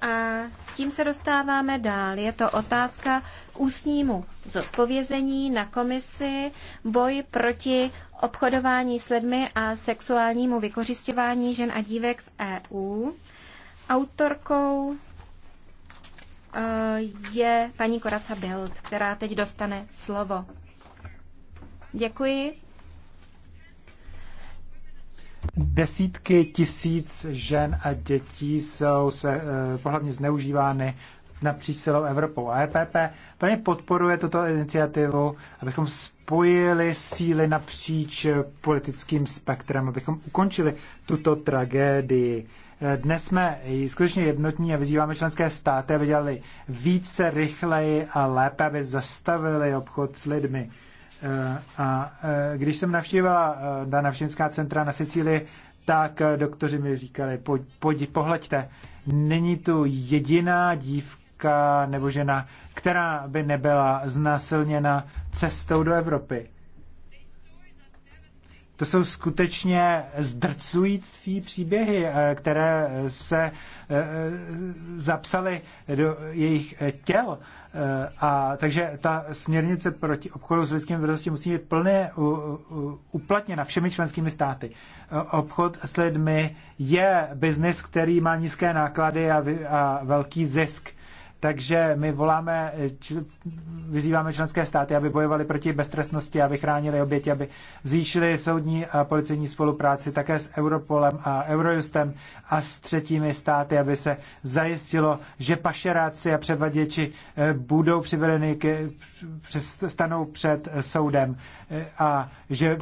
A tím se dostáváme dál. Je to otázka k ústnímu zodpovězení na komisi boj proti obchodování s lidmi a sexuálnímu vykořišťování žen a dívek v EU. Autorkou eh, je paní Koraca Bild, která teď dostane slovo. Děkuji. Desítky tisíc žen a dětí jsou se eh, pohlavně zneužívány napříč celou Evropou. A EPP plně podporuje tuto iniciativu, abychom spojili síly napříč politickým spektrem, abychom ukončili tuto tragédii. Eh, dnes jsme skutečně jednotní a vyzýváme členské státy, aby dělali více, rychleji a lépe, aby zastavili obchod s lidmi. Eh, a eh, když jsem navštívila eh, navštěvská centra na Sicílii, tak doktoři mi říkali, pojď, pojď, pohleďte, není tu jediná dívka nebo žena, která by nebyla znásilněna cestou do Evropy. To jsou skutečně zdrcující příběhy, které se zapsaly do jejich těl Eh, a, takže ta směrnice proti obchodu s lidskými bytostmi musí být plně uplatněna všemi členskými státy. Eh, obchod s lidmi je biznis, který má nízké náklady a, a velký zisk. Takže my voláme, vyzýváme členské státy, aby bojovali proti beztrestnosti, aby chránili oběti, aby zvýšili soudní a policejní spolupráci také s Europolem a Eurojustem a s třetími státy, aby se zajistilo, že pašeráci a převaděči eh, budou přivedeny, k, stanou před eh, soudem eh, a že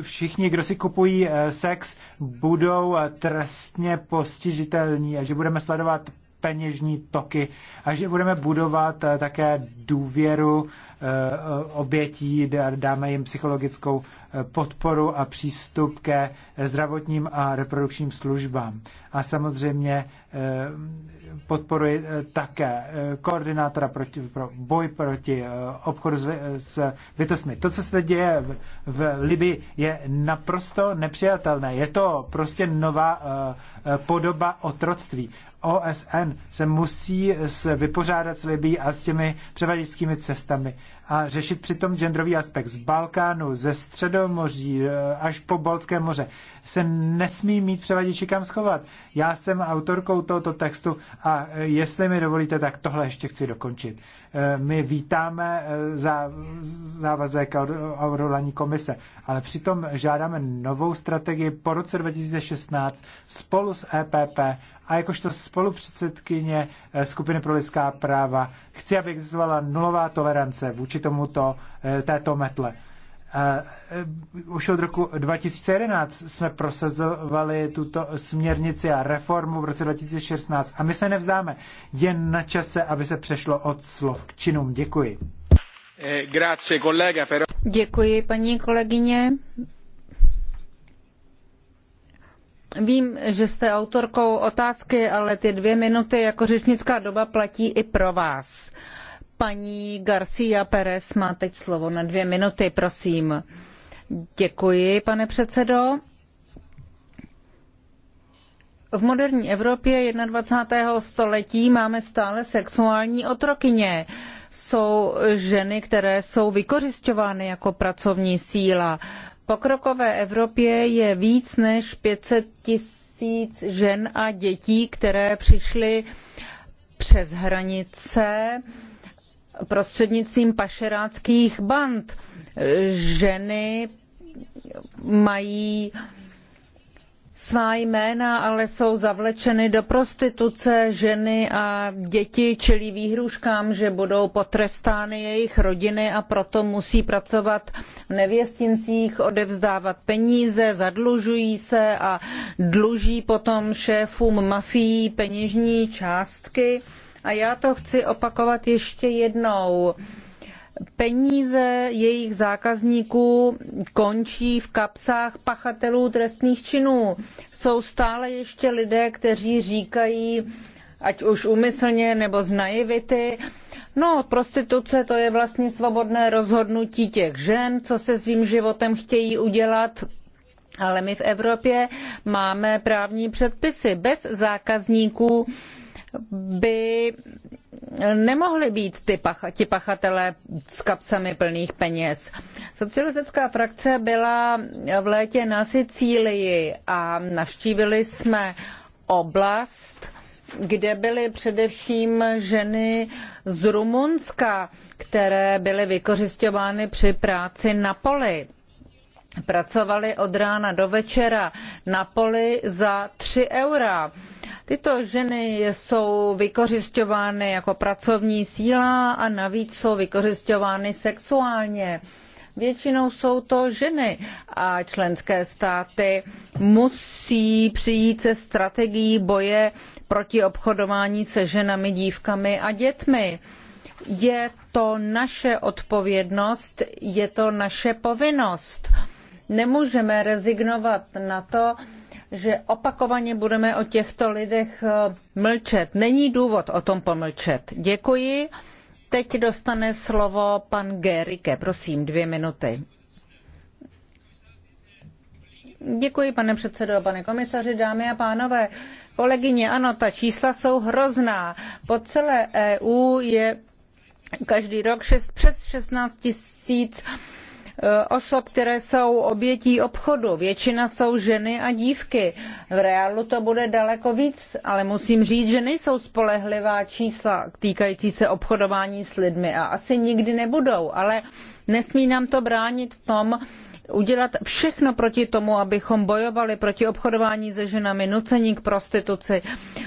všichni, kdo si kupují sex, budou trestně postižitelní a že budeme sledovat peněžní toky a že budeme budovat eh, také důvěru eh, obětí, dáme jim psychologickou eh, podporu a přístup ke zdravotním a reprodukčním službám. A samozřejmě podporuji také koordinátora proti, pro boj proti obchodu s, bytostmi. To, co se děje v, v Libii, je naprosto nepřijatelné. Je to prostě nová podoba otroctví. OSN se musí s vypořádat s Libí a s těmi převaděčskými cestami a řešit přitom genderový aspekt. Z Balkánu, ze Středomoří e, až po Baltské moře se nesmí mít převaděči kam schovat. Já jsem autorkou tohoto textu a e, jestli mi dovolíte, tak tohle ještě chci dokončit. E, my vítáme závazek odhodlání komise, ale přitom žádáme novou strategii po roce 2016 spolu s EPP a jakožto spolupředsedkyně eh, skupiny pro lidská práva chci, aby existovala nulová tolerance vůči tomuto, eh, této metle. Eh, už od roku 2011 jsme prosazovali tuto směrnici a reformu v roce 2016 a my se nevzdáme. Je na čase, aby se přešlo od slov k činům. Děkuji. Děkuji, paní kolegyně, Vím, že jste autorkou otázky, ale ty dvě minuty jako řečnická doba platí i pro vás. Paní García Pérez má teď slovo na dvě minuty, prosím. Děkuji, pane předsedo. V moderní Evropě 21. století máme stále sexuální otrokyně. Jsou ženy, které jsou vykořišťovány jako pracovní síla pokrokové Evropě je víc než 500 tisíc žen a dětí, které přišly přes hranice prostřednictvím pašeráckých band. Ženy mají svá jména, ale jsou zavlečeny do prostituce, ženy a děti čelí výhruškám, že budou potrestány jejich rodiny a proto musí pracovat v nevěstincích, odevzdávat peníze, zadlužují se a dluží potom šéfům mafií peněžní částky. A já to chci opakovat ještě jednou peníze jejich zákazníků končí v kapsách pachatelů trestných činů. Jsou stále ještě lidé, kteří říkají, ať už umyslně nebo z naivity, no prostituce to je vlastně svobodné rozhodnutí těch žen, co se svým životem chtějí udělat, ale my v Evropě máme právní předpisy. Bez zákazníků by nemohli být ty ti pachatelé s kapsami plných peněz. Socialistická frakce byla v létě na Sicílii a navštívili jsme oblast, kde byly především ženy z Rumunska, které byly vykořišťovány při práci na poli pracovali od rána do večera na poli za tři eura. Tyto ženy jsou vykořišťovány jako pracovní síla a navíc jsou vykořišťovány sexuálně. Většinou jsou to ženy a členské státy musí přijít se strategií boje proti obchodování se ženami, dívkami a dětmi. Je to naše odpovědnost, je to naše povinnost. Nemůžeme rezignovat na to, že opakovaně budeme o těchto lidech eh, mlčet. Není důvod o tom pomlčet. Děkuji. Teď dostane slovo pan Gerike. Prosím, dvě minuty. Děkuji, pane předsedo, pane komisaři, dámy a pánové. Kolegyně, ano, ta čísla jsou hrozná. Po celé EU je každý rok šest, přes 16 tisíc 000 Eh, osob, které jsou obětí obchodu. Většina jsou ženy a dívky. V reálu to bude daleko víc, ale musím říct, že nejsou spolehlivá čísla týkající se obchodování s lidmi a asi nikdy nebudou, ale nesmí nám to bránit v tom, udělat všechno proti tomu, abychom bojovali proti obchodování se ženami, nucení k prostituci,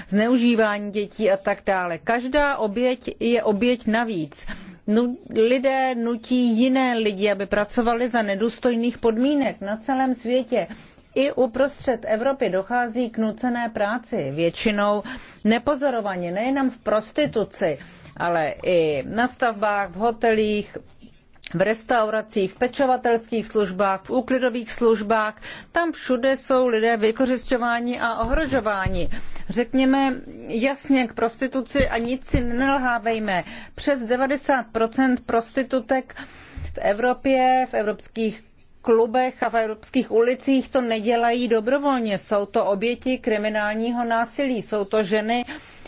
zneužívání dětí a tak dále. Každá oběť je oběť navíc lidé nutí jiné lidi, aby pracovali za nedůstojných podmínek na celém světě. I uprostřed Evropy dochází k nucené práci, většinou nepozorovaně, nejenom v prostituci, ale i na stavbách, v hotelích, v restauracích, v pečovatelských službách, v úklidových službách. Tam všude jsou lidé vykořišťováni a ohrožováni. Řekněme jasně k prostituci a nic si nelhávejme. Přes 90% prostitutek v Evropě, v evropských klubech a v evropských ulicích to nedělají dobrovolně. Jsou to oběti kriminálního násilí, jsou to ženy,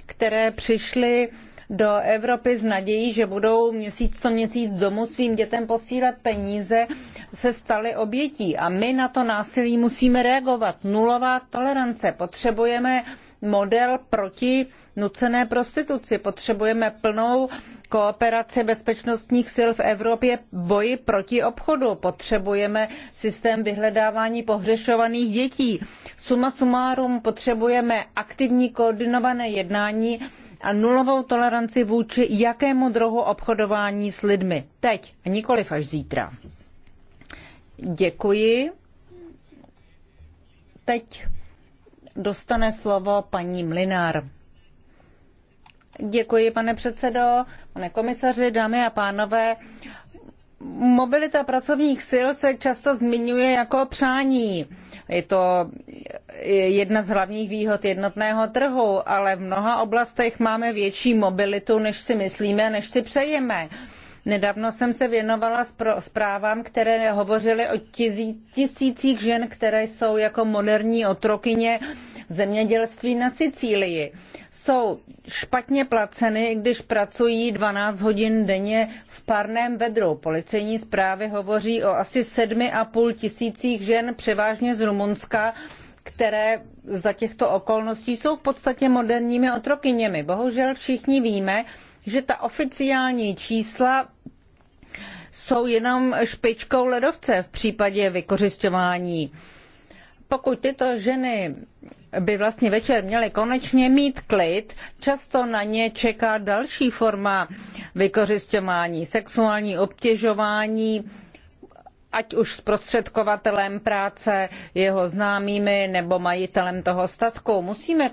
které přišly do Evropy s nadějí, že budou měsíc co měsíc domů svým dětem posílat peníze, se staly obětí. A my na to násilí musíme reagovat. Nulová tolerance. Potřebujeme model proti nucené prostituci. Potřebujeme plnou kooperaci bezpečnostních sil v Evropě v boji proti obchodu. Potřebujeme systém vyhledávání pohřešovaných dětí. Suma sumárum potřebujeme aktivní koordinované jednání a nulovou toleranci vůči jakému druhu obchodování s lidmi. Teď a nikoliv až zítra. Děkuji. Teď dostane slovo paní Mlinár. Děkuji, pane předsedo, pane komisaři, dámy a pánové. Mobilita pracovních sil se často zmiňuje jako přání. Je to jedna z hlavních výhod jednotného trhu, ale v mnoha oblastech máme větší mobilitu, než si myslíme, než si přejeme. Nedávno jsem se věnovala zprávám, které hovořily o tisících žen, které jsou jako moderní otrokyně v zemědělství na Sicílii. Jsou špatně placeny, když pracují 12 hodin denně v parném vedru. Policejní zprávy hovoří o asi 7,5 tisících žen, převážně z Rumunska, které za těchto okolností jsou v podstatě moderními otrokyněmi. Bohužel všichni víme, že ta oficiální čísla jsou jenom špičkou ledovce v případě vykořišťování. Pokud tyto ženy by vlastně večer měly konečně mít klid, často na ně čeká další forma vykořišťování, sexuální obtěžování, ať už zprostředkovatelem práce, jeho známými nebo majitelem toho statku. Musíme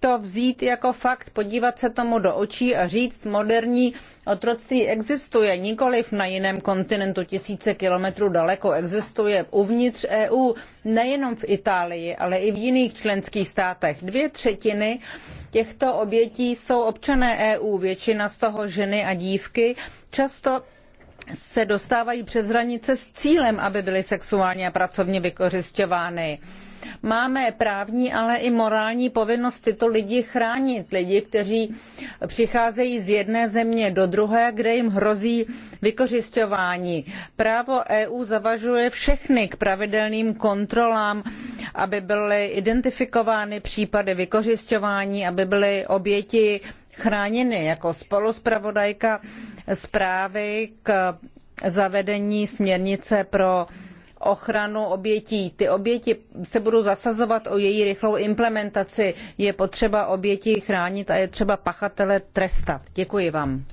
to vzít jako fakt, podívat se tomu do očí a říct, moderní otroctví existuje, nikoliv na jiném kontinentu tisíce kilometrů daleko, existuje uvnitř EU, nejenom v Itálii, ale i v jiných členských státech. Dvě třetiny těchto obětí jsou občané EU, většina z toho ženy a dívky, často se dostávají přes hranice s cílem, aby byly sexuálně a pracovně vykořišťovány. Máme právní, ale i morální povinnost tyto lidi chránit. Lidi, kteří přicházejí z jedné země do druhé, kde jim hrozí vykořišťování. Právo EU zavažuje všechny k pravidelným kontrolám, aby byly identifikovány případy vykořišťování, aby byly oběti chráněny. Jako spoluspravodajka zprávy k zavedení směrnice pro ochranu obětí. Ty oběti se budou zasazovat o její rychlou implementaci. Je potřeba oběti chránit a je třeba pachatele trestat. Děkuji vám.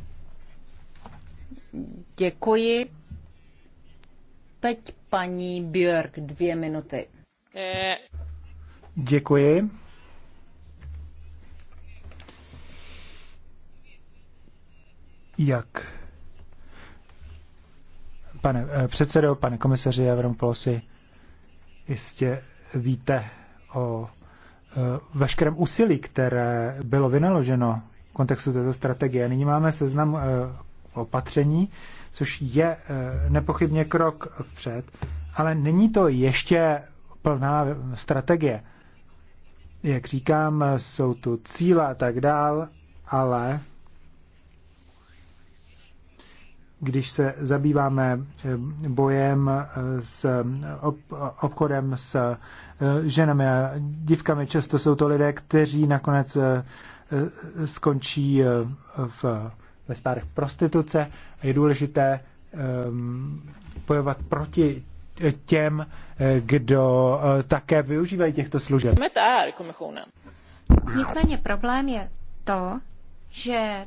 Děkuji. Teď paní Björk, dvě minuty. Děkuji. jak pane eh, předsedo, pane komisaři Avrampolosi, jistě víte o eh, veškerém úsilí, které bylo vynaloženo v kontextu této strategie. Nyní máme seznam eh, opatření, což je nepochybně krok vpřed, ale není to ještě plná strategie. Jak říkám, jsou tu cíle a tak dál, ale když se zabýváme eh, bojem eh, s obchodem s eh, ženami a dívkami, často jsou to lidé, kteří nakonec skončí v, ve stárech prostituce je důležité ehm, bojovat proti těm, kdo také využívají těchto služeb. Nicméně problém je to, že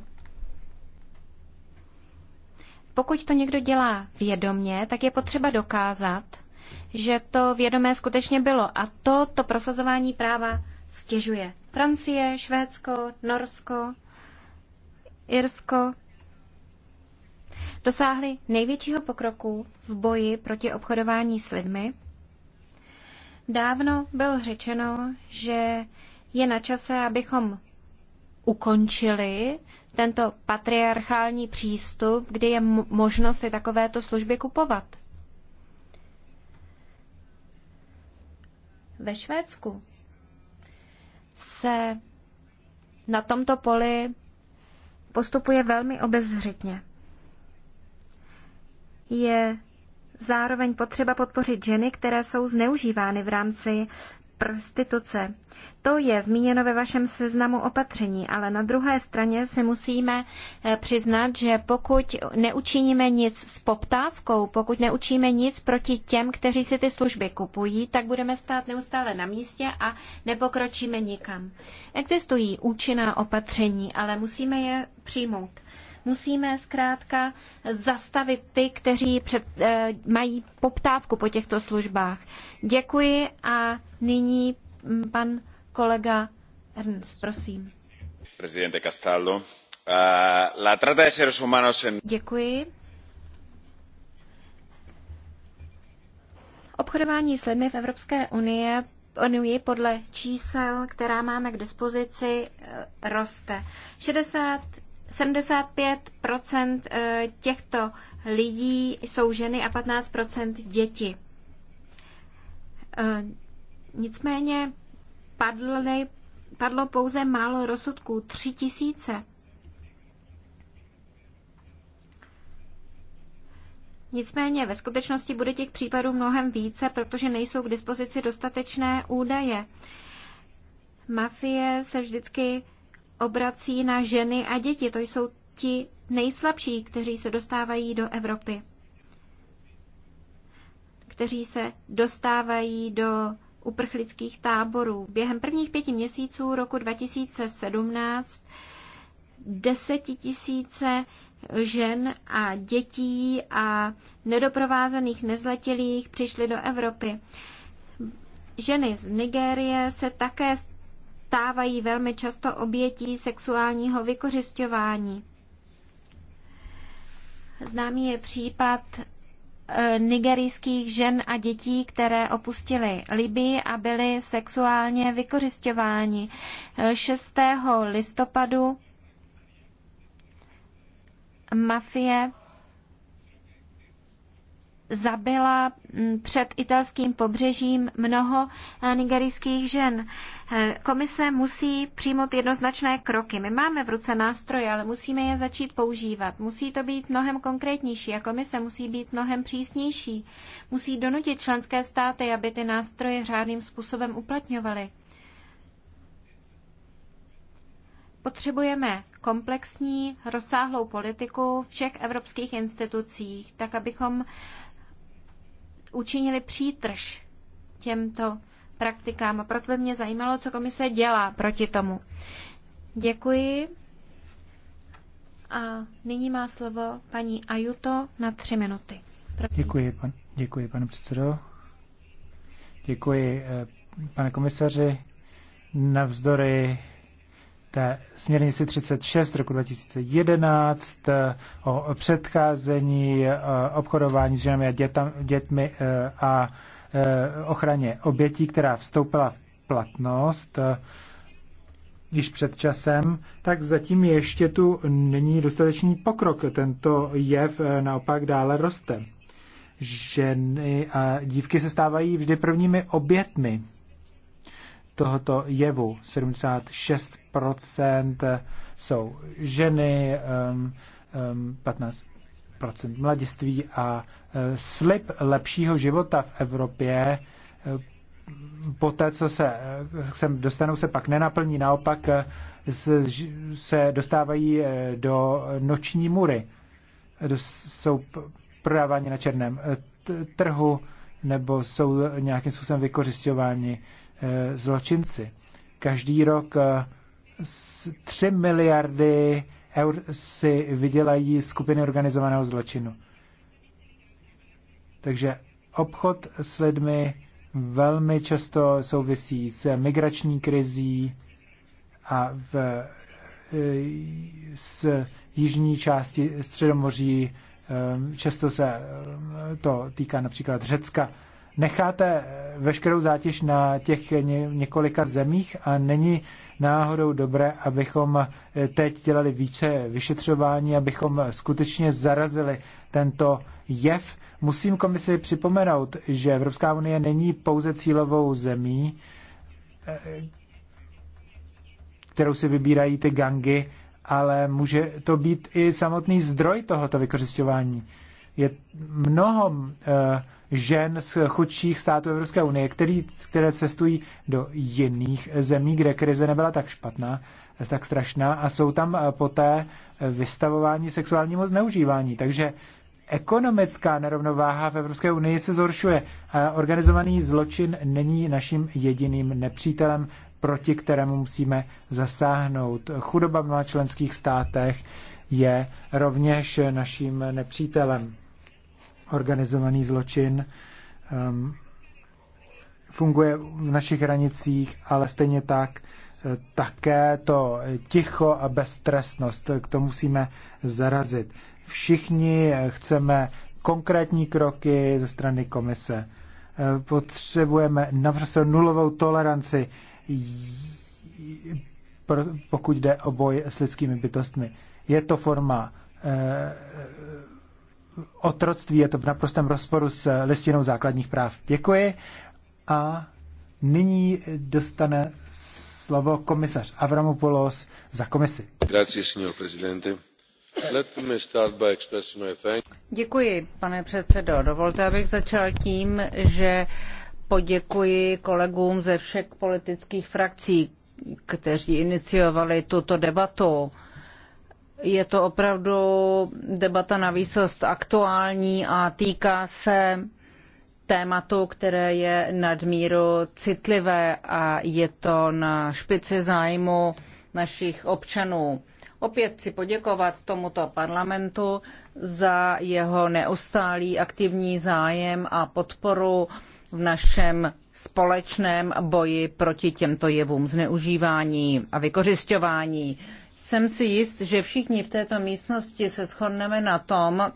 pokud to někdo dělá vědomně, tak je potřeba dokázat, že to vědomé skutečně bylo. A to to prosazování práva stěžuje. Francie, Švédsko, Norsko, Irsko dosáhly největšího pokroku v boji proti obchodování s lidmi. Dávno bylo řečeno, že je na čase, abychom ukončili tento patriarchální přístup, kdy je možno si takovéto služby kupovat. Ve Švédsku se na tomto poli postupuje velmi obezřetně. Je zároveň potřeba podpořit ženy, které jsou zneužívány v rámci prostituce. To je zmíněno ve vašem seznamu opatření, ale na druhé straně si musíme eh, přiznat, že pokud neučiníme nic s poptávkou, pokud neučíme nic proti těm, kteří si ty služby kupují, tak budeme stát neustále na místě a nepokročíme nikam. Existují účinná opatření, ale musíme je přijmout. Musíme zkrátka zastavit ty, kteří před, eh, mají poptávku po těchto službách. Děkuji a nyní mm, pan kolega Ernst, prosím. Prezidente Castaldo, uh, la trata de seres humanos en... Děkuji. Obchodování s lidmi v Evropské unie Unii podle čísel, která máme k dispozici, eh, roste. 60 75 eh, těchto lidí jsou ženy a 15 děti. Eh, nicméně padly, padlo pouze málo rozsudků, tři tisíce. Nicméně ve skutečnosti bude těch případů mnohem více, protože nejsou k dispozici dostatečné údaje. Mafie se vždycky obrací na ženy a děti. To jsou ti nejslabší, kteří se dostávají do Evropy, kteří se dostávají do uprchlických táborů. Během prvních pěti měsíců roku 2017 desetitisíce žen a dětí a nedoprovázených nezletilých přišly do Evropy. Ženy z Nigérie se také stávají velmi často obětí sexuálního vykořišťování. Známý je případ e, nigerijských žen a dětí, které opustily Libii a byly sexuálně vykořišťováni. 6. E, listopadu mafie zabila mm, před italským pobřežím mnoho eh, nigerijských žen. Eh, komise musí přijmout jednoznačné kroky. My máme v ruce nástroje, ale musíme je začít používat. Musí to být mnohem konkrétnější a komise musí být mnohem přísnější. Musí donutit členské státy, aby ty nástroje řádným způsobem uplatňovaly. Potřebujeme komplexní, rozsáhlou politiku všech evropských institucích, tak abychom učinili přítrž těmto praktikám. A proto by mě zajímalo, co komise dělá proti tomu. Děkuji. A nyní má slovo paní Ajuto na tři minuty. Prosím. Děkuji, pan, děkuji, pane předsedo. Děkuji, eh, pane komisaři. Navzdory té směrnici 36 roku 2011 eh, o předcházení eh, obchodování s ženami a dětmi eh, a ochraně obětí, která vstoupila v platnost již před časem, tak zatím ještě tu není dostatečný pokrok. Tento jev naopak dále roste. Ženy a dívky se stávají vždy prvními obětmi tohoto jevu. 76% jsou ženy, 15% um, um, mladiství a eh, slib lepšího života v Evropě eh, po té, co se eh, sem dostanou, se pak nenaplní, naopak se dostávají do noční mury. Jsou prodáváni na černém trhu nebo jsou nějakým způsobem vykořišťováni Eh, zločinci. Každý rok 3 eh, miliardy eur si vydělají skupiny organizovaného zločinu. Takže obchod s lidmi velmi často souvisí s migrační krizí a v, eh, s jižní části Středomoří. Často se to týká například Řecka necháte eh, veškerou zátěž na těch několika zemích a není náhodou dobré, abychom eh, teď dělali více vyšetřování, abychom eh, skutečně zarazili tento jev. Musím komisi připomenout, že Evropská unie není pouze cílovou zemí, kterou si vybírají ty gangy, ale může to být i samotný zdroj tohoto vykořišťování. Je mnoho uh, žen z chudších států Evropské unie, který, které cestují do jiných zemí, kde krize nebyla tak špatná, tak strašná a jsou tam eh, poté eh, vystavování sexuálnímu zneužívání. Takže ekonomická nerovnováha v Evropské unii se zhoršuje. A organizovaný zločin není naším jediným nepřítelem, proti kterému musíme zasáhnout. Chudoba v členských státech je rovněž naším nepřítelem organizovaný zločin um, funguje v našich hranicích, ale stejně tak eh, také to ticho a beztrestnost. Eh, k tomu musíme zarazit. Všichni eh, chceme konkrétní kroky ze strany komise. Potřebujeme naprosto nulovou toleranci, pokud jde o boj s lidskými bytostmi. Je to forma otroctví. Je to v naprostém rozporu s listinou základních práv. Děkuji. A nyní dostane slovo komisař Avramopoulos za komisi. Děkuji, pane předsedo. Dovolte, abych začal tím, že poděkuji kolegům ze všech politických frakcí, kteří iniciovali tuto debatu. Je to opravdu debata na výsost aktuální a týká se tématu, které je nadmíru citlivé a je to na špici zájmu našich občanů. Opět chci poděkovat tomuto parlamentu za jeho neustálý aktivní zájem a podporu v našem společném boji proti těmto jevům zneužívání a vykořišťování. Jsem si jist, že všichni v této místnosti se shodneme na tom,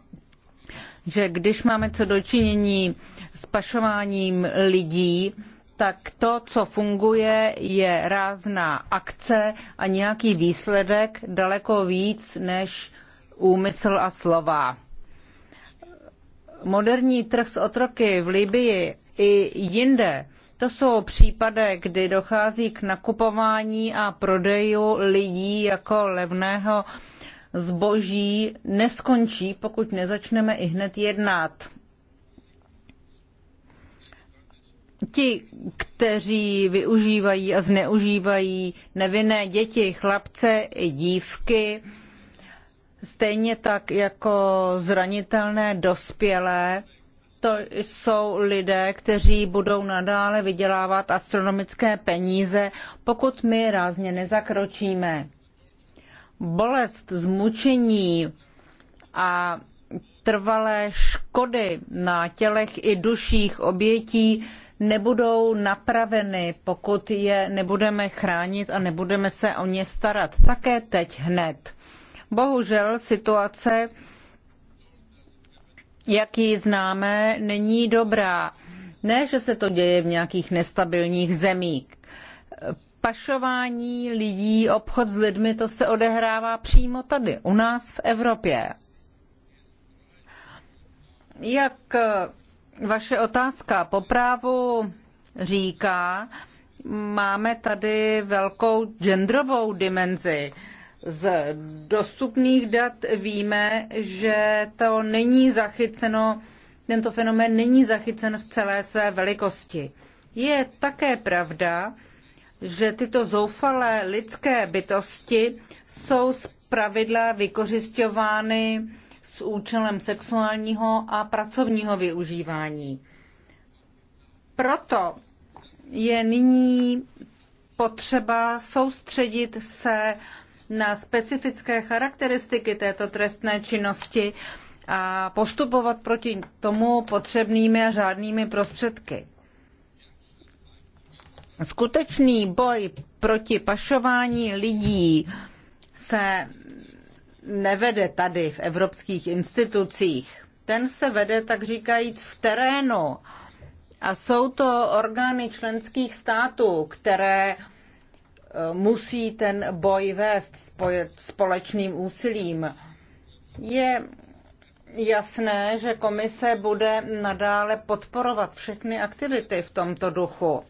že když máme co dočinění s pašováním lidí, tak to, co funguje, je rázná akce a nějaký výsledek daleko víc než úmysl a slova. Moderní trh s otroky v Libii i jinde to jsou případy, kdy dochází k nakupování a prodeju lidí jako levného zboží, neskončí, pokud nezačneme i hned jednat. Ti, kteří využívají a zneužívají nevinné děti, chlapce i dívky, stejně tak jako zranitelné dospělé, to jsou lidé, kteří budou nadále vydělávat astronomické peníze, pokud my rázně nezakročíme. Bolest, zmučení a trvalé škody na tělech i duších obětí nebudou napraveny, pokud je nebudeme chránit a nebudeme se o ně starat. Také teď hned. Bohužel situace jak ji známe, není dobrá. Ne, že se to děje v nějakých nestabilních zemích. Pašování lidí, obchod s lidmi, to se odehrává přímo tady, u nás v Evropě. Jak vaše otázka po právu říká, máme tady velkou genderovou dimenzi. Z dostupných dat víme, že to není zachyceno, tento fenomén není zachycen v celé své velikosti. Je také pravda, že tyto zoufalé lidské bytosti jsou pravidla vykořišťovány s účelem sexuálního a pracovního využívání. Proto je nyní potřeba soustředit se na specifické charakteristiky této trestné činnosti a postupovat proti tomu potřebnými a řádnými prostředky. Skutečný boj proti pašování lidí se nevede tady v evropských institucích. Ten se vede, tak říkajíc, v terénu. A jsou to orgány členských států, které Eh, musí ten boj vést společným úsilím. Je jasné, že komise bude nadále podporovat všechny aktivity v tomto duchu.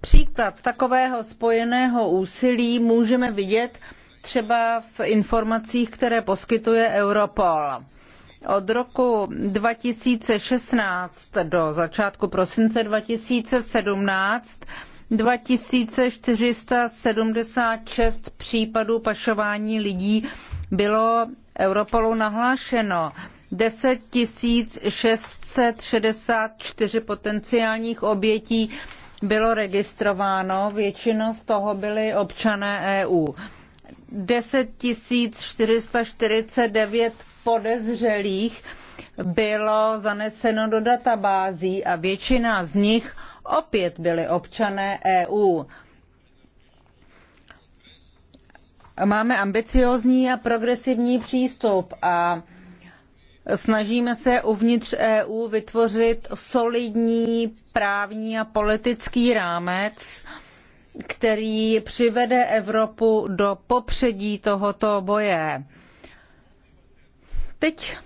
Příklad takového spojeného úsilí můžeme vidět třeba v informacích, které poskytuje Europol. Od roku 2016 do začátku prosince 2017 2476 případů pašování lidí bylo Europolu nahlášeno. 10 664 potenciálních obětí bylo registrováno, většina z toho byli občané EU. 10 449 podezřelých bylo zaneseno do databází a většina z nich opět byli občané EU. Máme ambiciózní a progresivní přístup a snažíme se uvnitř EU vytvořit solidní právní a politický rámec, který přivede Evropu do popředí tohoto boje. Teď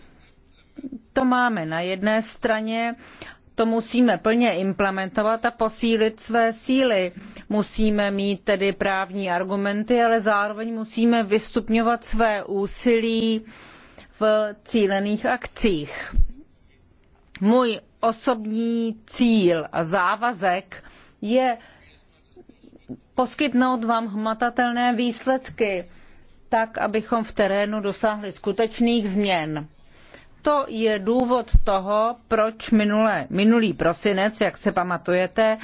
to máme na jedné straně to musíme plně implementovat a posílit své síly. Musíme mít tedy právní argumenty, ale zároveň musíme vystupňovat své úsilí v cílených akcích. Můj osobní cíl a závazek je poskytnout vám hmatatelné výsledky, tak abychom v terénu dosáhli skutečných změn to je důvod toho, proč minule, minulý prosinec, jak se pamatujete,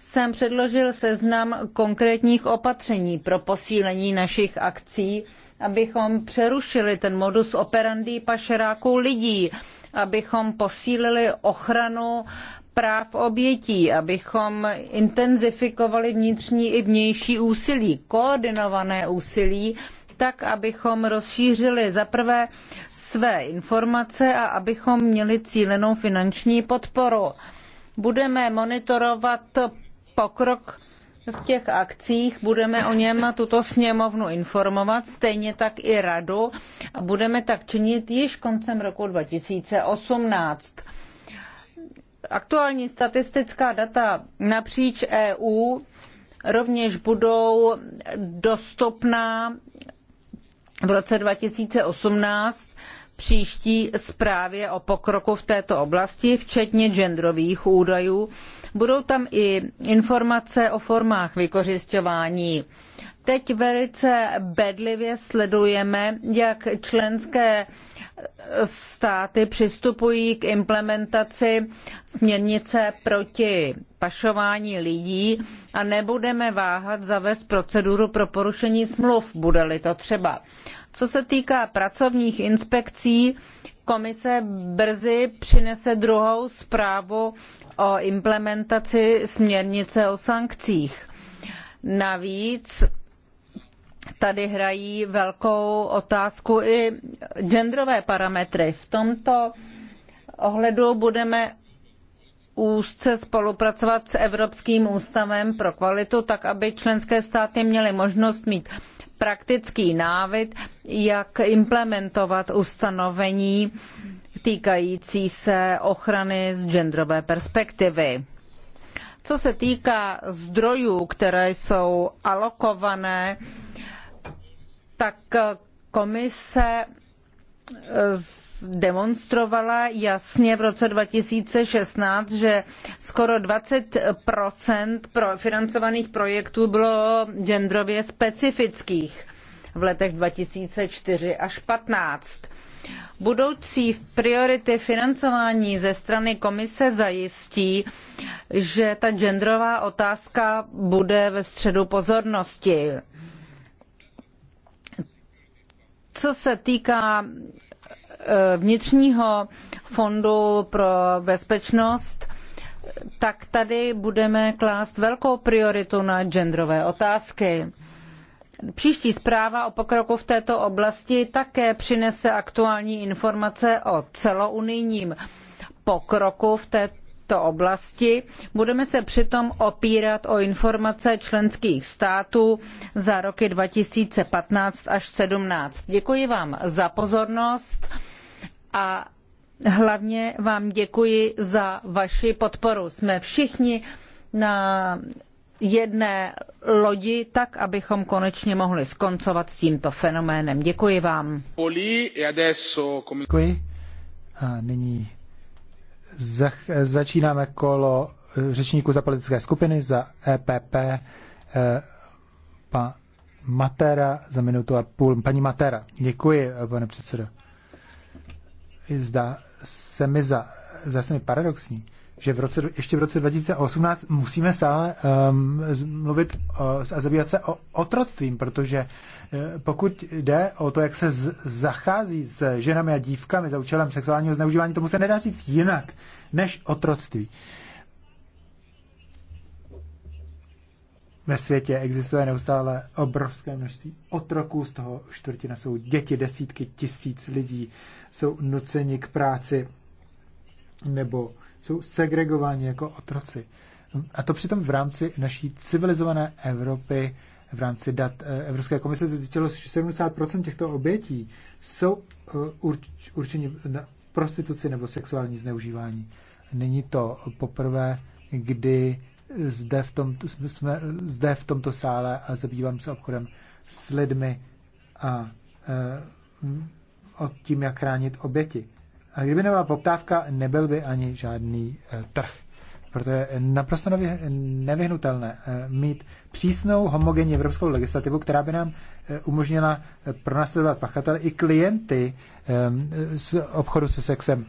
jsem předložil seznam konkrétních opatření pro posílení našich akcí, abychom přerušili ten modus operandi pašeráků lidí, abychom posílili ochranu práv obětí, abychom intenzifikovali vnitřní i vnější úsilí, koordinované úsilí, tak abychom rozšířili zaprvé své informace a abychom měli cílenou finanční podporu. Budeme monitorovat pokrok v těch akcích, budeme o něm tuto sněmovnu informovat, stejně tak i radu a budeme tak činit již koncem roku 2018. Aktuální statistická data napříč EU rovněž budou dostupná v roce 2018 příští zprávě o pokroku v této oblasti, včetně genderových údajů. Budou tam i informace o formách vykořišťování. Teď velice bedlivě sledujeme, jak členské státy přistupují k implementaci směrnice proti pašování lidí a nebudeme váhat zavést proceduru pro porušení smluv, bude-li to třeba. Co se týká pracovních inspekcí, komise brzy přinese druhou zprávu o implementaci směrnice o sankcích. Navíc tady hrají velkou otázku i genderové parametry. V tomto ohledu budeme úzce spolupracovat s Evropským ústavem pro kvalitu, tak aby členské státy měly možnost mít praktický návod, jak implementovat ustanovení týkající se ochrany z genderové perspektivy. Co se týká zdrojů, které jsou alokované, tak komise demonstrovala jasně v roce 2016, že skoro 20 pro financovaných projektů bylo genderově specifických v letech 2004 až 15. Budoucí priority financování ze strany komise zajistí, že ta genderová otázka bude ve středu pozornosti. Co se týká e, vnitřního fondu pro bezpečnost, tak tady budeme klást velkou prioritu na genderové otázky. Příští zpráva o pokroku v této oblasti také přinese aktuální informace o celounijním pokroku v této této oblasti. Budeme se přitom opírat o informace členských států za roky 2015 až 2017. Děkuji vám za pozornost a hlavně vám děkuji za vaši podporu. Jsme všichni na jedné lodi, tak abychom konečně mohli skoncovat s tímto fenoménem. Děkuji vám. Děkuji. A nyní Začínáme kolo eh, řečníků za politické skupiny, za EPP, pan eh, Matera za minutu a půl. Paní Matera, děkuji, eh, pane předsedo. Zdá se mi za, zase se mi paradoxní, že v roce, ještě v roce 2018 musíme stále um, mluvit o, uh, a zabývat se o otroctvím, protože eh, pokud jde o to, jak se z, zachází s ženami a dívkami za účelem sexuálního zneužívání, tomu se nedá říct jinak než otroctví. Ve světě existuje neustále obrovské množství otroků, z toho čtvrtina jsou děti, desítky tisíc lidí jsou nuceni k práci nebo jsou segregováni jako otroci. A to přitom v rámci naší civilizované Evropy, v rámci dat eh, Evropské komise se zjistilo, že 70% těchto obětí jsou eh, určeni na prostituci nebo sexuální zneužívání. Není to poprvé, kdy zde v, tom, jsme zde v tomto sále a zabývám se obchodem s lidmi a eh, o tím, jak chránit oběti. A kdyby nebyla poptávka, nebyl by ani žádný eh, trh. Proto je naprosto nevyhnutelné eh, mít přísnou homogenní evropskou legislativu, která by nám eh, umožnila pronásledovat pachatele i klienty z obchodu se sexem.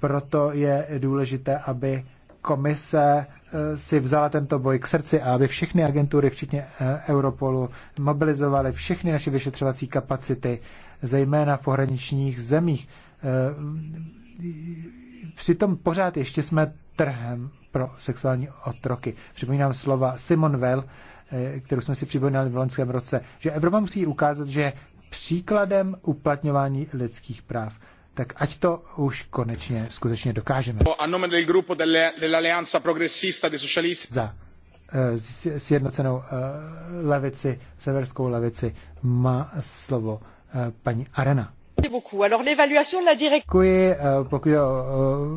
Proto je důležité, aby komise si vzala tento boj k srdci a aby všechny agentury, včetně Europolu, mobilizovaly všechny naše vyšetřovací kapacity, zejména v pohraničních zemích, Eh, přitom pořád ještě jsme trhem pro sexuální otroky. Připomínám slova Simon Well, eh, kterou jsme si připomínali v loňském roce, že Evropa musí ukázat, že příkladem uplatňování lidských práv. Tak ať to už konečně skutečně dokážeme. A nome del gruppo dell'Alleanza Progressista dei Socialisti. Za eh, sjednocenou levici, severskou levici, má slovo paní Arena. Děkuji, eh, pokud je o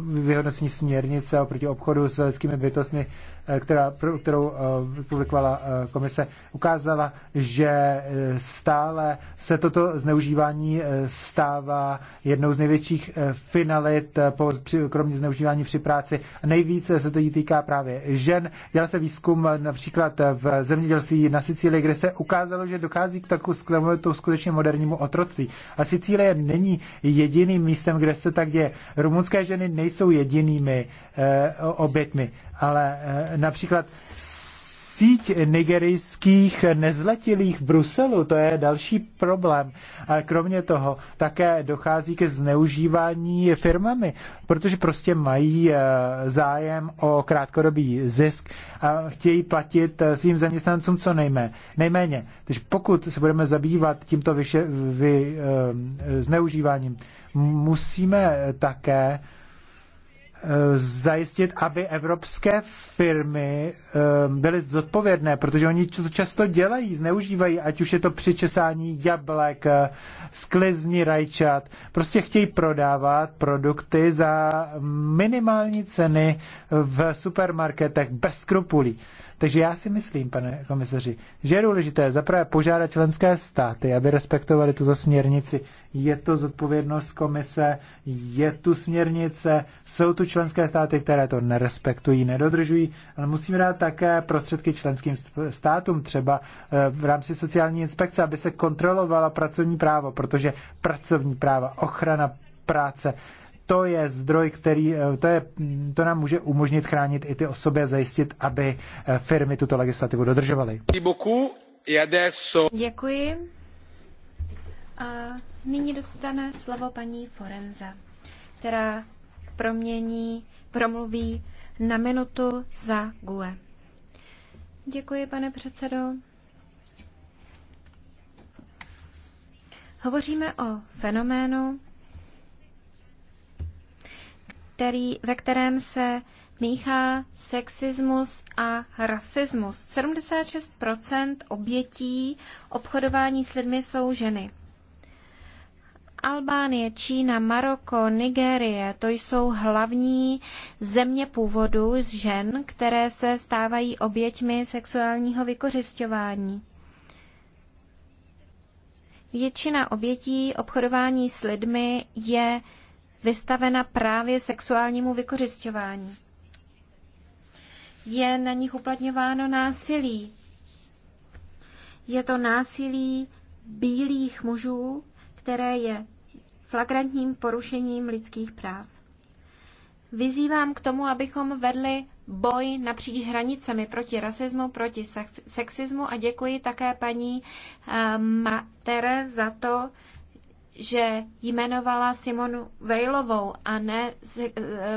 vyhodnocení směrnice oproti obchodu s lidskými bytostmi, eh, která, kterou eh, publikovala komise, ukázala, že stále se toto zneužívání stává jednou z největších finalit, kromě zneužívání při práci. Nejvíce se to týká právě žen. Dělal se výzkum například v zemědělství na Sicílii, kde se ukázalo, že dochází k takovému skutečně modernímu otroctví. A Sicílie není jediným místem, kde se tak děje. Rumunské ženy nejsou jedinými eh, obětmi, ale eh, například síť nigerijských nezletilých v Bruselu, to je další problém. A kromě toho také dochází ke zneužívání firmami, protože prostě mají eh, zájem o krátkodobý zisk a chtějí platit eh, svým zaměstnancům co nejmé, nejméně. Takže pokud se budeme zabývat tímto vyše, vy, eh, zneužíváním, musíme také zajistit, aby evropské firmy eh, byly zodpovědné, protože oni to často dělají, zneužívají, ať už je to přičesání jablek, eh, sklizní rajčat. Prostě chtějí prodávat produkty za minimální ceny v supermarketech bez skrupulí. Takže já si myslím, pane komisaři, že je důležité zaprvé požádat členské státy, aby respektovali tuto směrnici. Je to zodpovědnost komise, je tu směrnice, jsou tu členské státy, které to nerespektují, nedodržují, ale musíme dát také prostředky členským státům, třeba eh, v rámci sociální inspekce, aby se kontrolovala pracovní právo, protože pracovní práva, ochrana práce, to je zdroj, který eh, to, je, to nám může umožnit chránit i ty osoby a zajistit, aby eh, firmy tuto legislativu dodržovaly. Děkuji. A nyní dostane slovo paní Forenza, která promění, promluví na minutu za GUE. Děkuji, pane předsedo. Hovoříme o fenoménu, který, ve kterém se míchá sexismus a rasismus. 76 obětí obchodování s lidmi jsou ženy. Albánie, Čína, Maroko, Nigérie, to jsou hlavní země původu z žen, které se stávají oběťmi sexuálního vykořišťování. Většina obětí obchodování s lidmi je vystavena právě sexuálnímu vykořišťování. Je na nich uplatňováno násilí. Je to násilí bílých mužů, které je flagrantním porušením lidských práv. Vyzývám k tomu, abychom vedli boj napříč hranicemi proti rasismu, proti sexismu a děkuji také paní eh, Mater za to, že jmenovala Simonu Vejlovou a ne eh,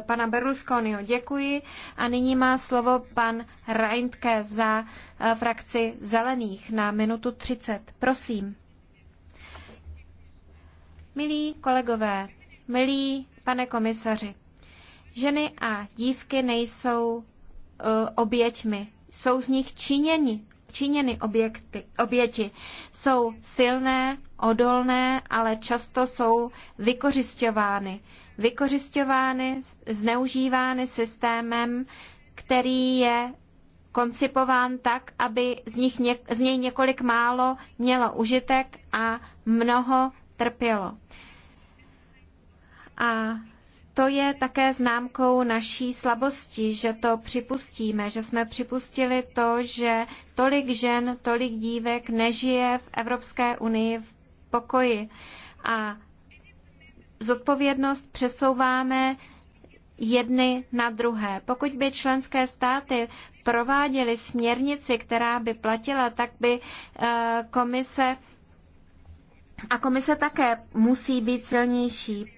pana Berlusconiho. Děkuji a nyní má slovo pan Reintke za eh, frakci Zelených na minutu 30. Prosím. Milí kolegové, milí pane komisaři, ženy a dívky nejsou uh, oběťmi, jsou z nich činěni, činěny objekty, oběti. Jsou silné, odolné, ale často jsou vykořišťovány. Vykořišťovány, zneužívány systémem, který je koncipován tak, aby z, nich něk, z něj několik málo mělo užitek a mnoho trpělo. A to je také známkou naší slabosti, že to připustíme, že jsme připustili to, že tolik žen, tolik dívek nežije v Evropské unii v pokoji. A zodpovědnost přesouváme jedny na druhé. Pokud by členské státy prováděly směrnici, která by platila, tak by eh, komise a komise také musí být silnější.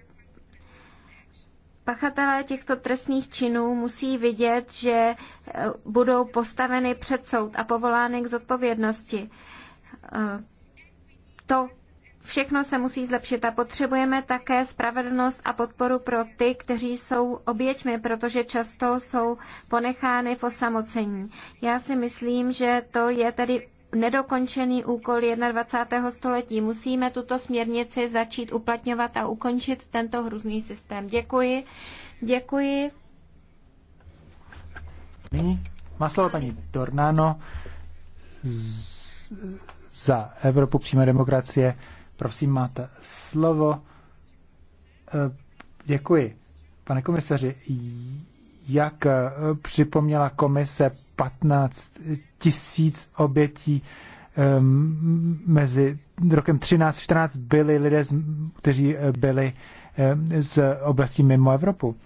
Pachatelé těchto trestných činů musí vidět, že eh, budou postaveny před soud a povolány k zodpovědnosti. Eh, to všechno se musí zlepšit a potřebujeme také spravedlnost a podporu pro ty, kteří jsou oběťmi, protože často jsou ponechány v osamocení. Já si myslím, že to je tedy nedokončený úkol 21. století. Musíme tuto směrnici začít uplatňovat a ukončit tento hrůzný systém. Děkuji. Děkuji. Nyní má slovo paní Dornáno z, za Evropu přímé demokracie. Prosím, máte slovo. Eh, děkuji. Pane komisaři, jak eh, připomněla komise, 15 tisíc obětí. Mezi rokem 13-14 byli lidé, kteří eh, byli z oblastí mimo Evropu.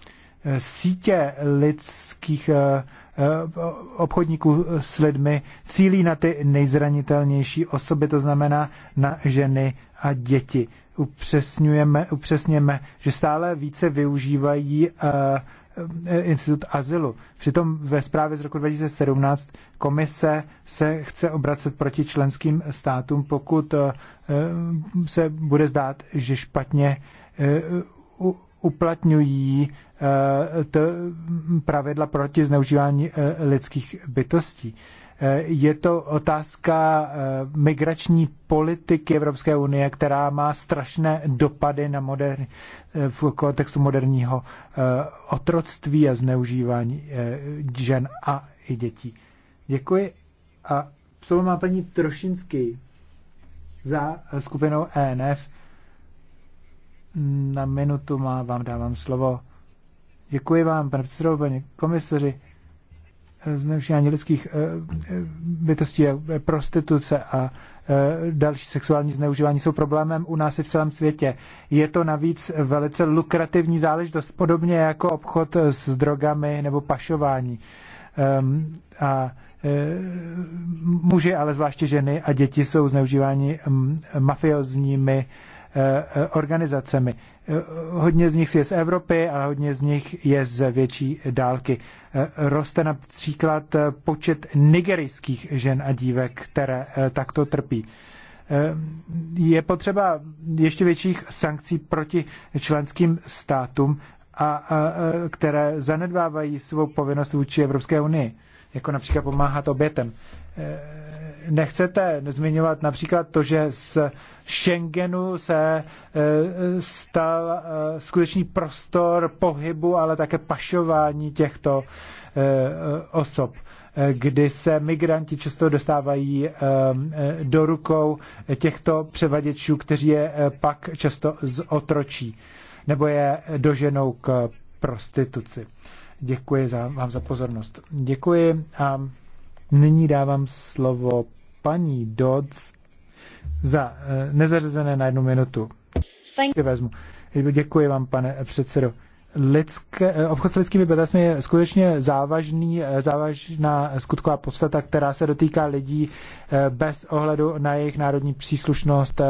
Eh, sítě lidských eh, obchodníků s lidmi cílí na ty nejzranitelnější osoby, to znamená na ženy a děti upřesňujeme, upřesněme, že stále více využívají Eh, institut azylu. Přitom ve zprávě z roku 2017 komise se chce obracet proti členským státům, pokud eh, eh, se bude zdát, že špatně uplatňují pravidla proti zneužívání lidských bytostí. Eh, je to otázka eh, migrační politiky Evropské unie, která má strašné dopady na moderní eh, v kontextu moderního otroctví a zneužívání žen a i dětí. Děkuji. A slovo má paní Trošinský za skupinou ENF. Na minutu má, vám dávám slovo. Děkuji vám, pane předsedo, paní komisaři zneužívání lidských eh, eh, bytostí, prostituce a eh, další sexuální zneužívání jsou problémem u nás i v celém světě. Je to navíc velice lukrativní záležitost, podobně jako obchod s drogami nebo pašování. Ehm, a muži, ale zvláště ženy a děti jsou zneužíváni mm, mafiozními Eh, eh, organizacemi. Eh, hodně z nich je z Evropy a hodně z nich je z větší dálky. Roste například počet nigerijských žen a dívek, které takto trpí. Je potřeba ještě větších sankcí proti členským státům, a, a, které zanedbávají svou povinnost vůči Evropské unii, jako například pomáhat obětem nechcete nezmiňovat například to, že z Schengenu se e, stal e, skutečný prostor pohybu, ale také pašování těchto e, osob, kdy se migranti často dostávají do rukou těchto převaděčů, kteří je pak často zotročí nebo je doženou k prostituci. Děkuji za, vám za pozornost. Děkuji a nyní dávám slovo paní Dodds za eh, nezařazené na jednu minutu. Děkuji vám, pane předsedo lidské, eh, obchod s lidskými bytostmi je skutečně závažný, eh, závažná skutková podstata, která se dotýká lidí eh, bez ohledu na jejich národní příslušnost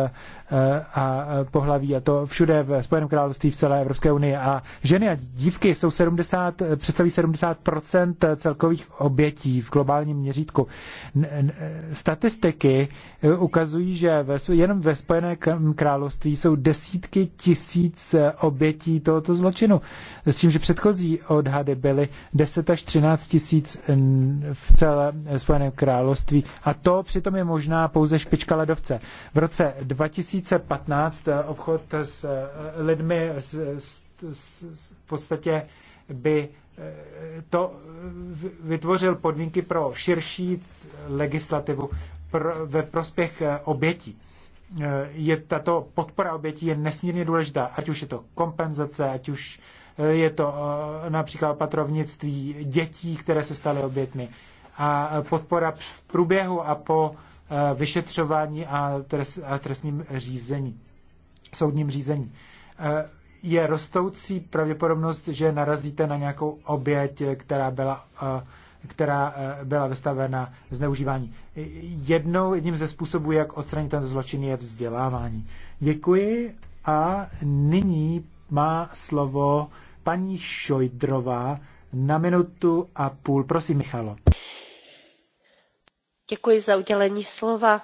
a pohlaví. A to všude v Spojeném království, v celé Evropské unii. A ženy a dívky jsou 70, představí 70 celkových obětí v globálním měřítku. Statistiky ukazují, že ve, jenom ve Spojeném království jsou desítky tisíc obětí tohoto zločinu s tím, že předchozí odhady byly 10 až 13 tisíc v celém Spojeném království a to přitom je možná pouze špička ledovce. V roce 2015 eh, obchod s eh, lidmi s, s, s, v podstatě by eh, to vytvořil podmínky pro širší legislativu pro, ve prospěch obětí je tato podpora obětí je nesmírně důležitá, ať už je to kompenzace, ať už je to eh, například patrovnictví dětí, které se staly obětmi. A podpora v průběhu a po eh, vyšetřování a, a trestním řízení, soudním řízení. Eh, je rostoucí pravděpodobnost, že narazíte na nějakou oběť, která byla která byla vystavena zneužívání. Jednou, jedním ze způsobů, jak odstranit tento zločin, je vzdělávání. Děkuji a nyní má slovo paní Šojdrová na minutu a půl. Prosím, Michalo. Děkuji za udělení slova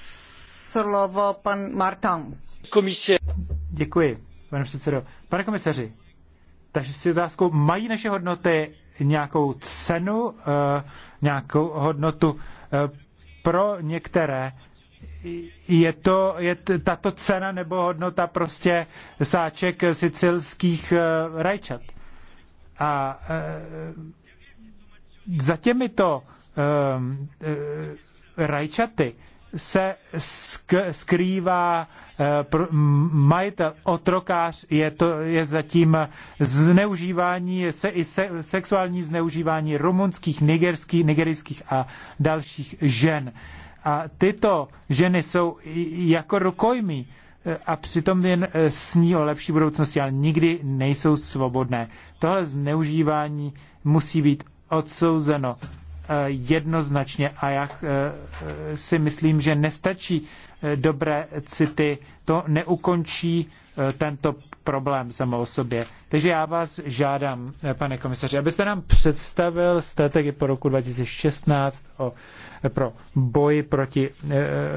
slovo pan Martin. Děkuji, pane předsedo. Pane komisaři, takže si otázkou, mají naše hodnoty nějakou cenu, eh, nějakou hodnotu eh, pro některé? Je to je tato cena nebo hodnota prostě sáček sicilských eh, rajčat? A za těmito rajčaty se skrývá eh, majitel otrokář, je, to, je zatím zneužívání, se, i se, sexuální zneužívání rumunských, nigerských, nigerijských a dalších žen. A tyto ženy jsou jako rukojmí eh, a přitom jen eh, sní o lepší budoucnosti, ale nikdy nejsou svobodné. Tohle zneužívání musí být odsouzeno jednoznačně a já eh, si myslím, že nestačí eh, dobré city, to neukončí eh, tento problém samo o sobě. Takže já vás žádám, eh, pane komisaři, abyste nám představil strategii po roku 2016 o, eh, pro boji proti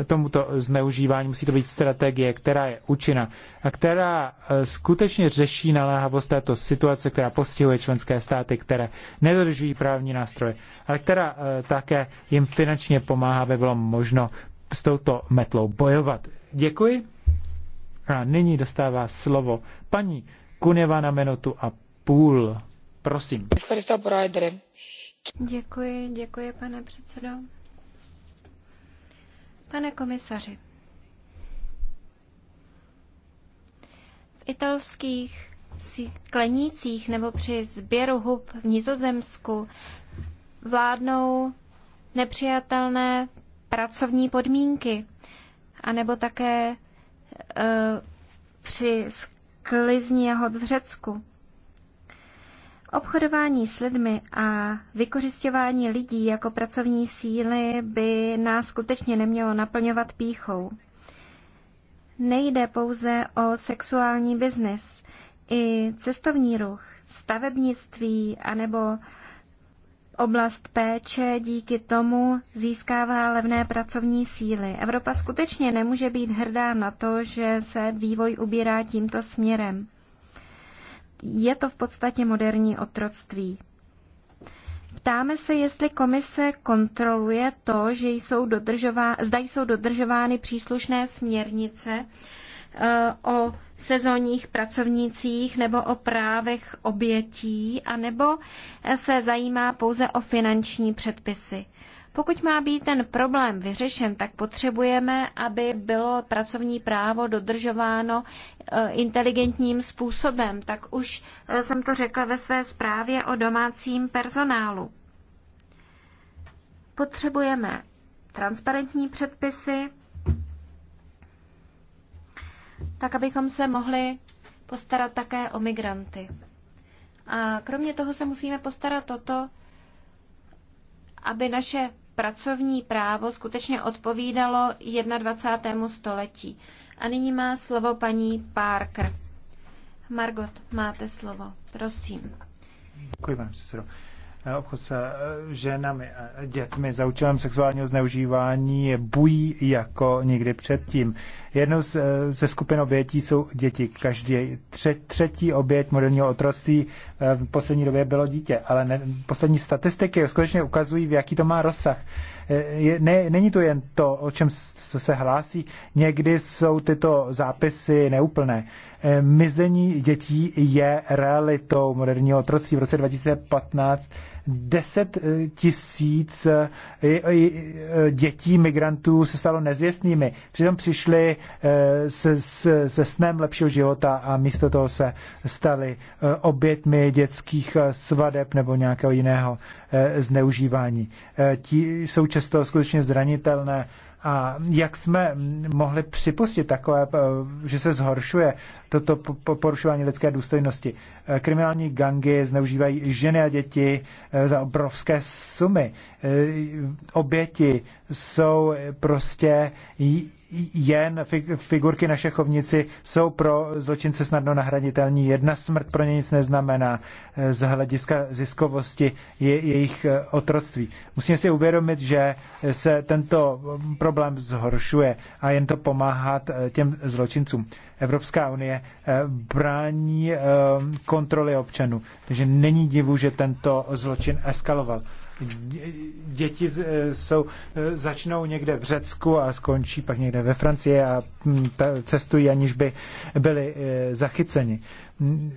e, tomuto zneužívání. Musí to být strategie, která je účinná a která e, skutečně řeší naléhavost této situace, která postihuje členské státy, které nedodržují právní nástroje, ale která e, také jim finančně pomáhá, aby bylo možno s touto metlou bojovat. Děkuji. A nyní dostává slovo paní Kuneva na minutu a půl. Prosím. Děkuji, děkuji, pane předsedo. Pane komisaři, v italských sklenících nebo při sběru hub v Nizozemsku vládnou nepřijatelné pracovní podmínky, anebo také Eh, při sklizni jahod v Řecku. Obchodování s lidmi a vykořišťování lidí jako pracovní síly by nás skutečně nemělo naplňovat píchou. Nejde pouze o sexuální biznis. I cestovní ruch, stavebnictví anebo oblast péče díky tomu získává levné pracovní síly. Evropa skutečně nemůže být hrdá na to, že se vývoj ubírá tímto směrem. Je to v podstatě moderní otroctví. Ptáme se, jestli komise kontroluje to, že jsou dodržová, zda jsou dodržovány příslušné směrnice eh, o sezónních pracovnících nebo o právech obětí, anebo se zajímá pouze o finanční předpisy. Pokud má být ten problém vyřešen, tak potřebujeme, aby bylo pracovní právo dodržováno eh, inteligentním způsobem. Tak už eh, jsem to řekla ve své zprávě o domácím personálu. Potřebujeme transparentní předpisy, tak abychom se mohli postarat také o migranty. A kromě toho se musíme postarat o to, aby naše pracovní právo skutečně odpovídalo 21. století. A nyní má slovo paní Parker. Margot, máte slovo, prosím. Děkuji, pane předsedo obchod s e, ženami a dětmi za účelem sexuálního zneužívání je bují jako nikdy předtím. Jednou e, ze skupin obětí jsou děti. Každý tře, třetí obět moderního otroctví e, v poslední době bylo dítě, ale ne, poslední statistiky skutečně ukazují, v jaký to má rozsah. Je, ne, není to jen to, o čem co se hlásí. Někdy jsou tyto zápisy neúplné. Mizení dětí je realitou moderního otroctví. V roce 2015 10 eh, tisíc eh, eh, dětí migrantů se stalo nezvěstnými. Přitom přišli se, se, se snem lepšího života a místo toho se stali obětmi dětských svadeb nebo nějakého jiného zneužívání. Ti jsou často skutečně zranitelné a jak jsme mohli připustit takové, eh, že se zhoršuje toto porušování lidské důstojnosti? Eh, kriminální gangy zneužívají ženy a děti eh, za obrovské sumy. Oběti jsou prostě jen figurky na šachovnici jsou pro zločince snadno nahraditelní. Jedna smrt pro ně nic neznamená eh, z hlediska ziskovosti je, jejich eh, otroctví. Musíme si uvědomit, že eh, se tento mm, problém zhoršuje a jen to pomáhá těm zločincům. Evropská unie brání kontroly občanů, takže není divu, že tento zločin eskaloval děti eh, jsou, eh, začnou někde v Řecku a skončí pak někde ve Francii a hm, cestují, aniž by byli eh, zachyceni. Hm,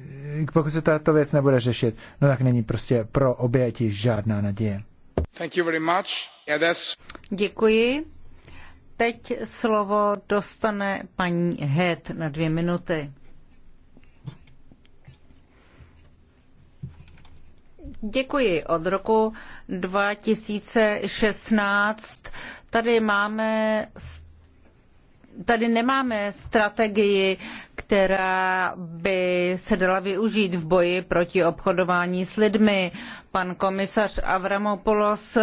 pokud se tato věc nebude řešit, no tak není prostě pro oběti žádná naděje. Thank you very much. Děkuji. Teď slovo dostane paní Het na dvě minuty. Děkuji. Od roku 2016. Tady máme tady nemáme strategii, která by se dala využít v boji proti obchodování s lidmi. Pan komisař Avramopoulos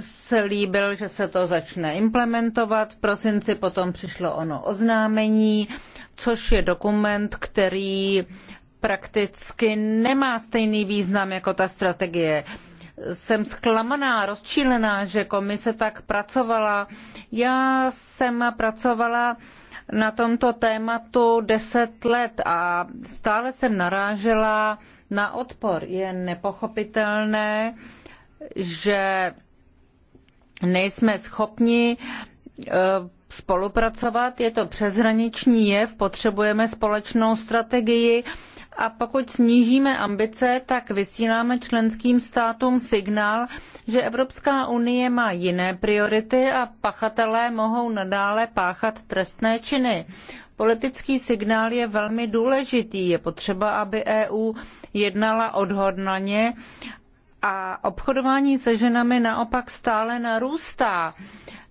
slíbil, že se to začne implementovat. V prosinci potom přišlo ono oznámení, což je dokument, který prakticky nemá stejný význam jako ta strategie jsem zklamaná, rozčílená, že komise tak pracovala. Já jsem pracovala na tomto tématu deset let a stále jsem narážela na odpor. Je nepochopitelné, že nejsme schopni eh, spolupracovat, je to přeshraniční jev, potřebujeme společnou strategii a pokud snížíme ambice, tak vysíláme členským státům signál, že Evropská unie má jiné priority a pachatelé mohou nadále páchat trestné činy. Politický signál je velmi důležitý. Je potřeba, aby EU jednala odhodlaně a obchodování se ženami naopak stále narůstá.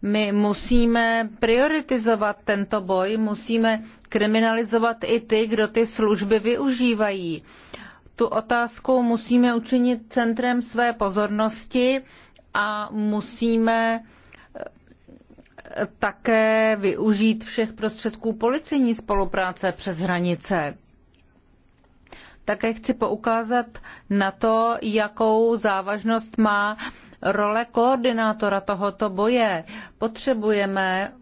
My musíme prioritizovat tento boj, musíme kriminalizovat i ty, kdo ty služby využívají. Tu otázku musíme učinit centrem své pozornosti a musíme eh, také využít všech prostředků policejní spolupráce přes hranice. Také chci poukázat na to, jakou závažnost má role koordinátora tohoto boje. Potřebujeme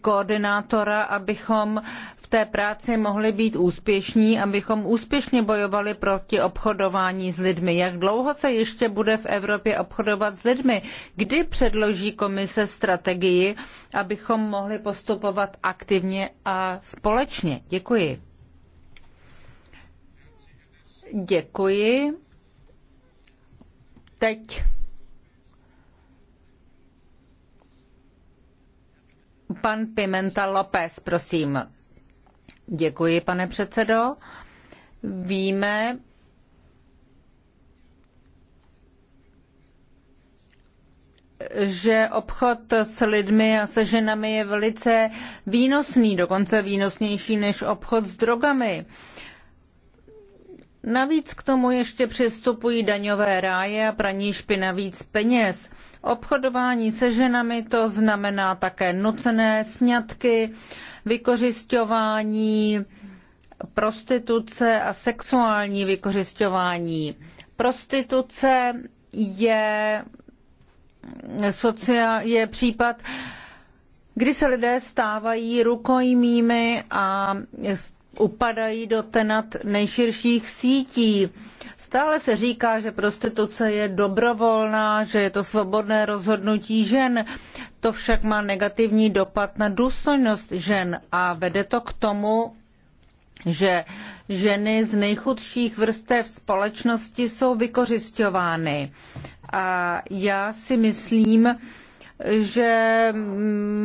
koordinátora, abychom v té práci mohli být úspěšní, abychom úspěšně bojovali proti obchodování s lidmi. Jak dlouho se ještě bude v Evropě obchodovat s lidmi? Kdy předloží komise strategii, abychom mohli postupovat aktivně a společně? Děkuji. Děkuji. Teď pan Pimenta López, prosím. Děkuji, pane předsedo. Víme, že obchod s lidmi a se ženami je velice výnosný, dokonce výnosnější než obchod s drogami. Uh, Navíc k tomu ještě přistupují daňové ráje a praní špinavých peněz. Obchodování se ženami to znamená také nucené sňatky, vykořišťování, prostituce a sexuální vykořišťování. Prostituce je, sociál, je případ, kdy se lidé stávají rukojmími a upadají do tenat nejširších sítí. Stále se říká, že prostituce je dobrovolná, že je to svobodné rozhodnutí žen. To však má negativní dopad na důstojnost žen a vede to k tomu, že ženy z nejchudších vrstev společnosti jsou vykořišťovány. A já si myslím, že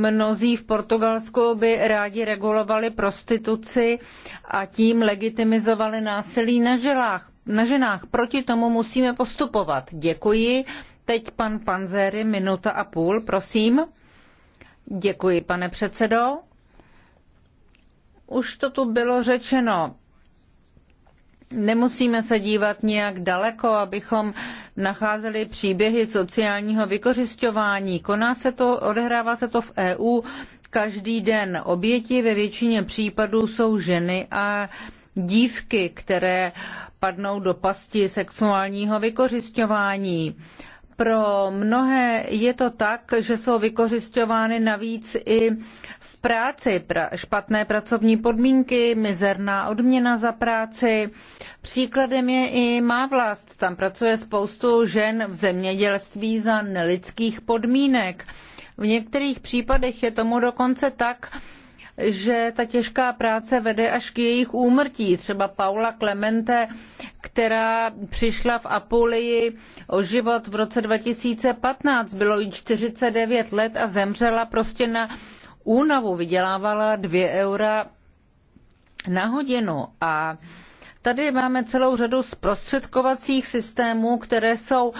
mnozí v Portugalsku by rádi regulovali prostituci a tím legitimizovali násilí na, želách, na ženách. Proti tomu musíme postupovat. Děkuji. Teď pan Panzery, minuta a půl, prosím. Děkuji, pane předsedo. Už to tu bylo řečeno Nemusíme se dívat nějak daleko, abychom nacházeli příběhy sociálního vykořišťování. Koná se to, odehrává se to v EU každý den. Oběti ve většině případů jsou ženy a dívky, které padnou do pasti sexuálního vykořišťování. Pro mnohé je to tak, že jsou vykořišťovány navíc i práci, špatné pracovní podmínky, mizerná odměna za práci. Příkladem je i má vlast. Tam pracuje spoustu žen v zemědělství za nelidských podmínek. V některých případech je tomu dokonce tak, že ta těžká práce vede až k jejich úmrtí. Třeba Paula Clemente, která přišla v Apulii o život v roce 2015, bylo jí 49 let a zemřela prostě na únavu vydělávala 2 eura na hodinu a tady máme celou řadu zprostředkovacích systémů, které jsou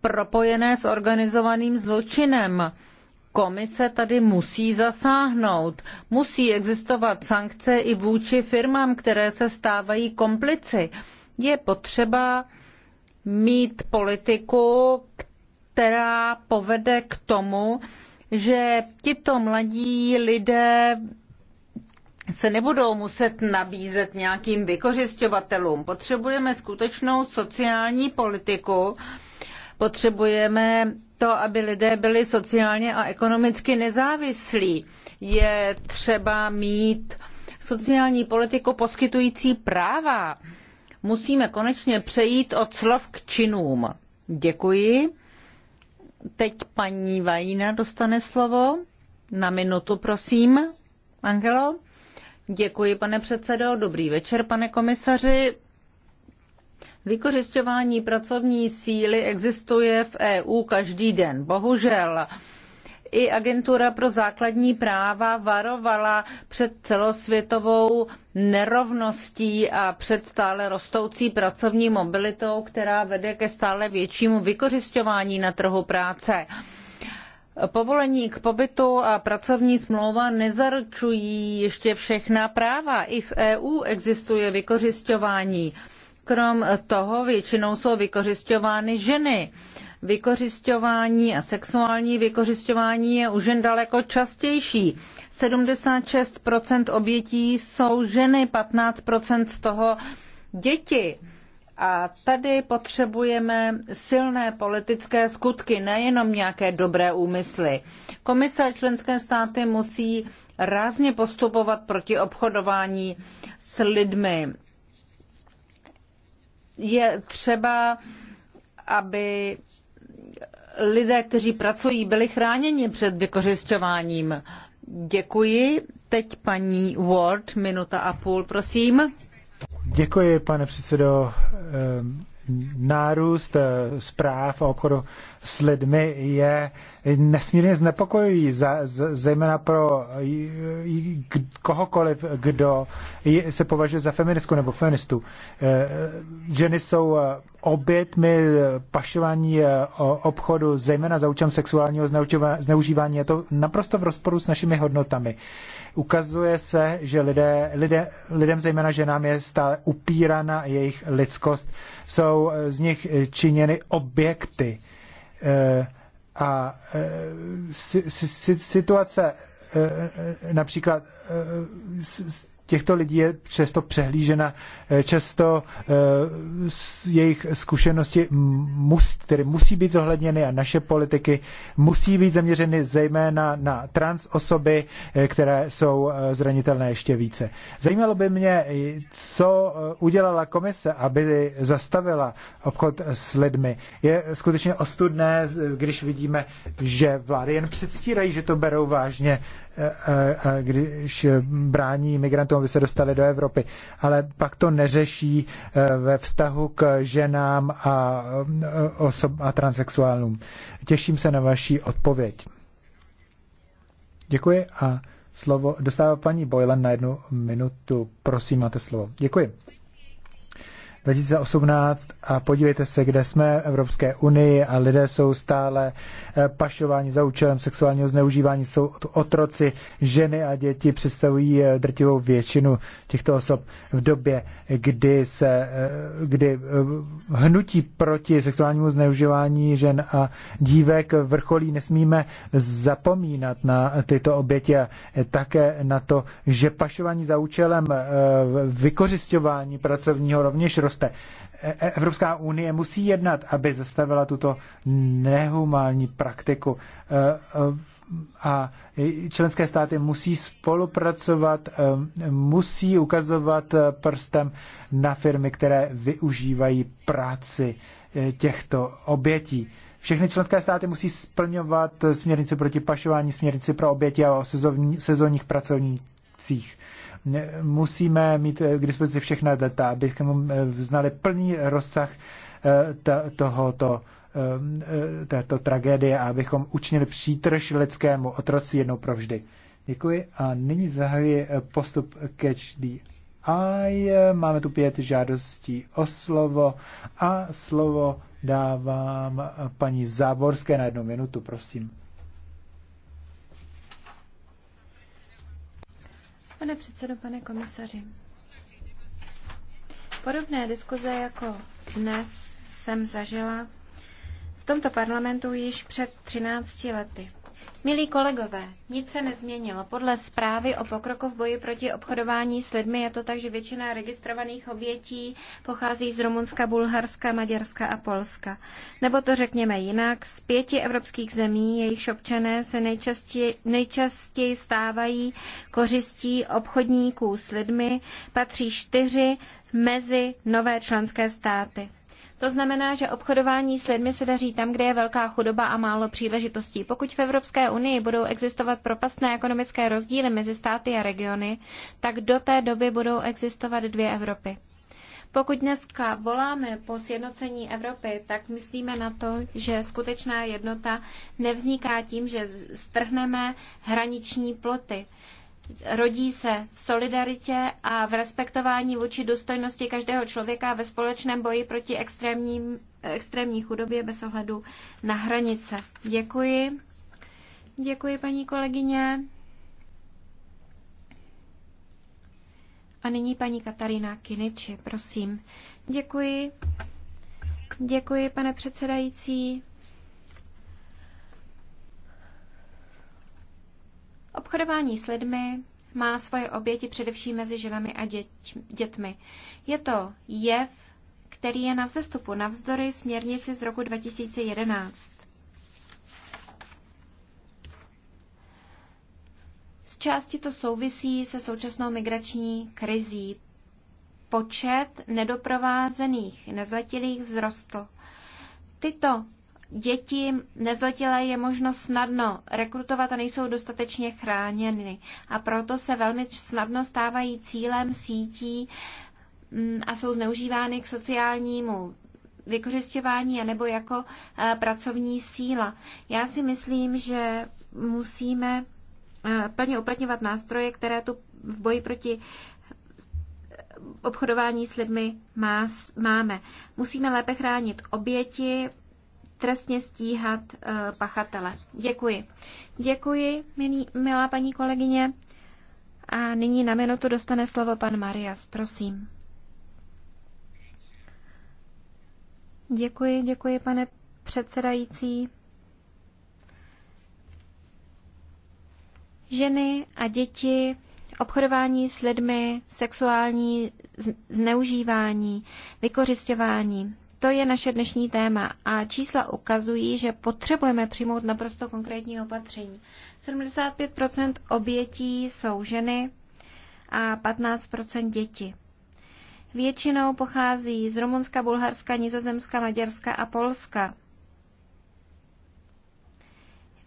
propojené s organizovaným zločinem. Komise tady musí zasáhnout. Musí existovat sankce i vůči firmám, které se stávají komplici. Je potřeba mít politiku, která povede k tomu, že tito mladí lidé se nebudou muset nabízet nějakým vykořišťovatelům. Potřebujeme skutečnou sociální politiku, potřebujeme to, aby lidé byli sociálně a ekonomicky nezávislí. Je třeba mít sociální politiku poskytující práva. Musíme konečně přejít od slov k činům. Děkuji. Teď paní Vajína dostane slovo. Na minutu, prosím. Angelo? Děkuji, pane předsedo. Dobrý večer, pane komisaři. Vykořišťování pracovní síly existuje v EU každý den. Bohužel i agentura pro základní práva varovala před celosvětovou nerovností a před stále rostoucí pracovní mobilitou, která vede ke stále většímu vykořišťování na trhu práce. Povolení k pobytu a pracovní smlouva nezaručují ještě všechna práva. I v EU existuje vykořišťování. Krom toho většinou jsou vykořišťovány ženy vykořišťování a sexuální vykořišťování je u žen daleko častější. 76 obětí jsou ženy, 15 z toho děti. A tady potřebujeme silné politické skutky, nejenom nějaké dobré úmysly. Komise a členské státy musí rázně postupovat proti obchodování s lidmi. Je třeba, aby lidé, kteří pracují, byli chráněni před vykořišťováním. Děkuji. Teď paní Ward, minuta a půl, prosím. Děkuji, pane předsedo. Ehm, nárůst eh, zpráv o obchodu s lidmi je nesmírně znepokojují, zejména pro kohokoliv, kdo se považuje za feministku nebo feministu. Eh, ženy jsou eh, obětmi pašování eh, obchodu, zejména za účelem sexuálního zneužívání. Je to naprosto v rozporu s našimi hodnotami. Ukazuje se, že lidé, lidé, lidem, zejména ženám, je stále upírána jejich lidskost. Jsou z nich činěny objekty a situace například těchto lidí je eh, často přehlížena. Často jejich zkušenosti mus, tedy musí být zohledněny a naše politiky musí být zaměřeny zejména na trans osoby, eh, které jsou eh, zranitelné ještě více. Zajímalo by mě, co udělala komise, aby zastavila obchod s lidmi. Je skutečně ostudné, když vidíme, že vlády jen předstírají, že to berou vážně, když brání migrantům, aby se dostali do Evropy. Ale pak to neřeší e, ve vztahu k ženám a, e, osob, a transexuálům. Těším se na vaši odpověď. Děkuji a slovo dostává paní Boylan na jednu minutu. Prosím, máte slovo. Děkuji. 2018 a podívejte se, kde jsme v Evropské unii a lidé jsou stále eh, pašováni za účelem sexuálního zneužívání, jsou otroci, ženy a děti představují eh, drtivou většinu těchto osob v době, kdy se eh, kdy hnutí proti sexuálnímu zneužívání žen a dívek vrcholí. Nesmíme zapomínat na tyto oběti a také na to, že pašování za účelem vykořišťování pracovního rovněž roz roste. E, e, Evropská unie musí jednat, aby zastavila tuto nehumální praktiku. E, a členské státy musí spolupracovat, musí ukazovat prstem na firmy, které využívají práci těchto obětí. Všechny členské státy musí splňovat směrnici proti pašování, směrnici pro oběti a o sezónních pracovnících musíme mít eh, k dispozici všechna data, abychom eh, znali plný rozsah eh, tohoto této tragédie a abychom učinili přítrž lidskému otroctví jednou provždy. Děkuji a nyní zahajuji postup Catch the Eye. Máme tu pět žádostí o slovo a slovo dávám paní Záborské na jednu minutu, prosím. Pane předsedo, pane komisaři, podobné diskuze jako dnes jsem zažila v tomto parlamentu již před 13 lety. Milí kolegové, nic se nezměnilo. Podle zprávy o pokroku v boji proti obchodování s lidmi je to tak, že většina registrovaných obětí pochází z Rumunska, Bulharska, Maďarska a Polska. Nebo to řekněme jinak, z pěti evropských zemí, jejich občané se nejčastěji, nejčastěji stávají kořistí obchodníků s lidmi, patří čtyři mezi nové členské státy. To znamená, že obchodování s lidmi se daří tam, kde je velká chudoba a málo příležitostí. Pokud v Evropské unii budou existovat propastné ekonomické rozdíly mezi státy a regiony, tak do té doby budou existovat dvě Evropy. Pokud dneska voláme po sjednocení Evropy, tak myslíme na to, že skutečná jednota nevzniká tím, že strhneme hraniční ploty rodí se v solidaritě a v respektování vůči důstojnosti každého člověka ve společném boji proti extrémním, extrémní chudobě bez ohledu na hranice. Děkuji. Děkuji, paní kolegyně. A nyní paní Katarína Kiniči, prosím. Děkuji. Děkuji, pane předsedající. Obchodování s lidmi má svoje oběti především mezi ženami a děť, dětmi. Je to jev, který je na vzestupu navzdory směrnici z roku 2011. Z části to souvisí se současnou migrační krizí. Počet nedoprovázených nezletilých vzrostl. Tyto děti nezletilé je možno snadno rekrutovat a nejsou dostatečně chráněny. A proto se velmi snadno stávají cílem sítí mm, a jsou zneužívány k sociálnímu vykořišťování nebo jako e, pracovní síla. Já si myslím, že musíme e, plně uplatňovat nástroje, které tu v boji proti e, obchodování s lidmi má, máme. Musíme lépe chránit oběti, trestně stíhat eh, pachatele. Děkuji. Děkuji, milí, milá paní kolegyně. A nyní na minutu dostane slovo pan Marias. Prosím. Děkuji, děkuji, pane předsedající. Ženy a děti, obchodování s lidmi, sexuální zneužívání, vykořišťování to je naše dnešní téma a čísla ukazují, že potřebujeme přijmout naprosto konkrétní opatření. 75 obětí jsou ženy a 15 děti. Většinou pochází z Rumunska, Bulharska, Nizozemska, Maďarska a Polska.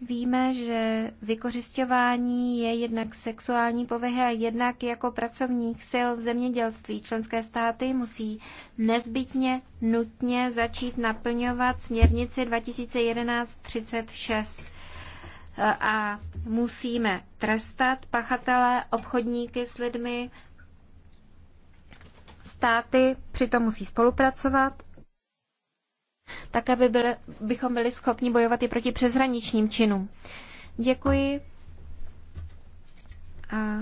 Víme, že vykořišťování je jednak sexuální povahy a jednak jako pracovních sil v zemědělství. Členské státy musí nezbytně nutně začít naplňovat směrnici 2011-36 a musíme trestat pachatele, obchodníky s lidmi. Státy přitom musí spolupracovat tak aby byli, bychom byli schopni bojovat i proti přeshraničním činům. Děkuji. A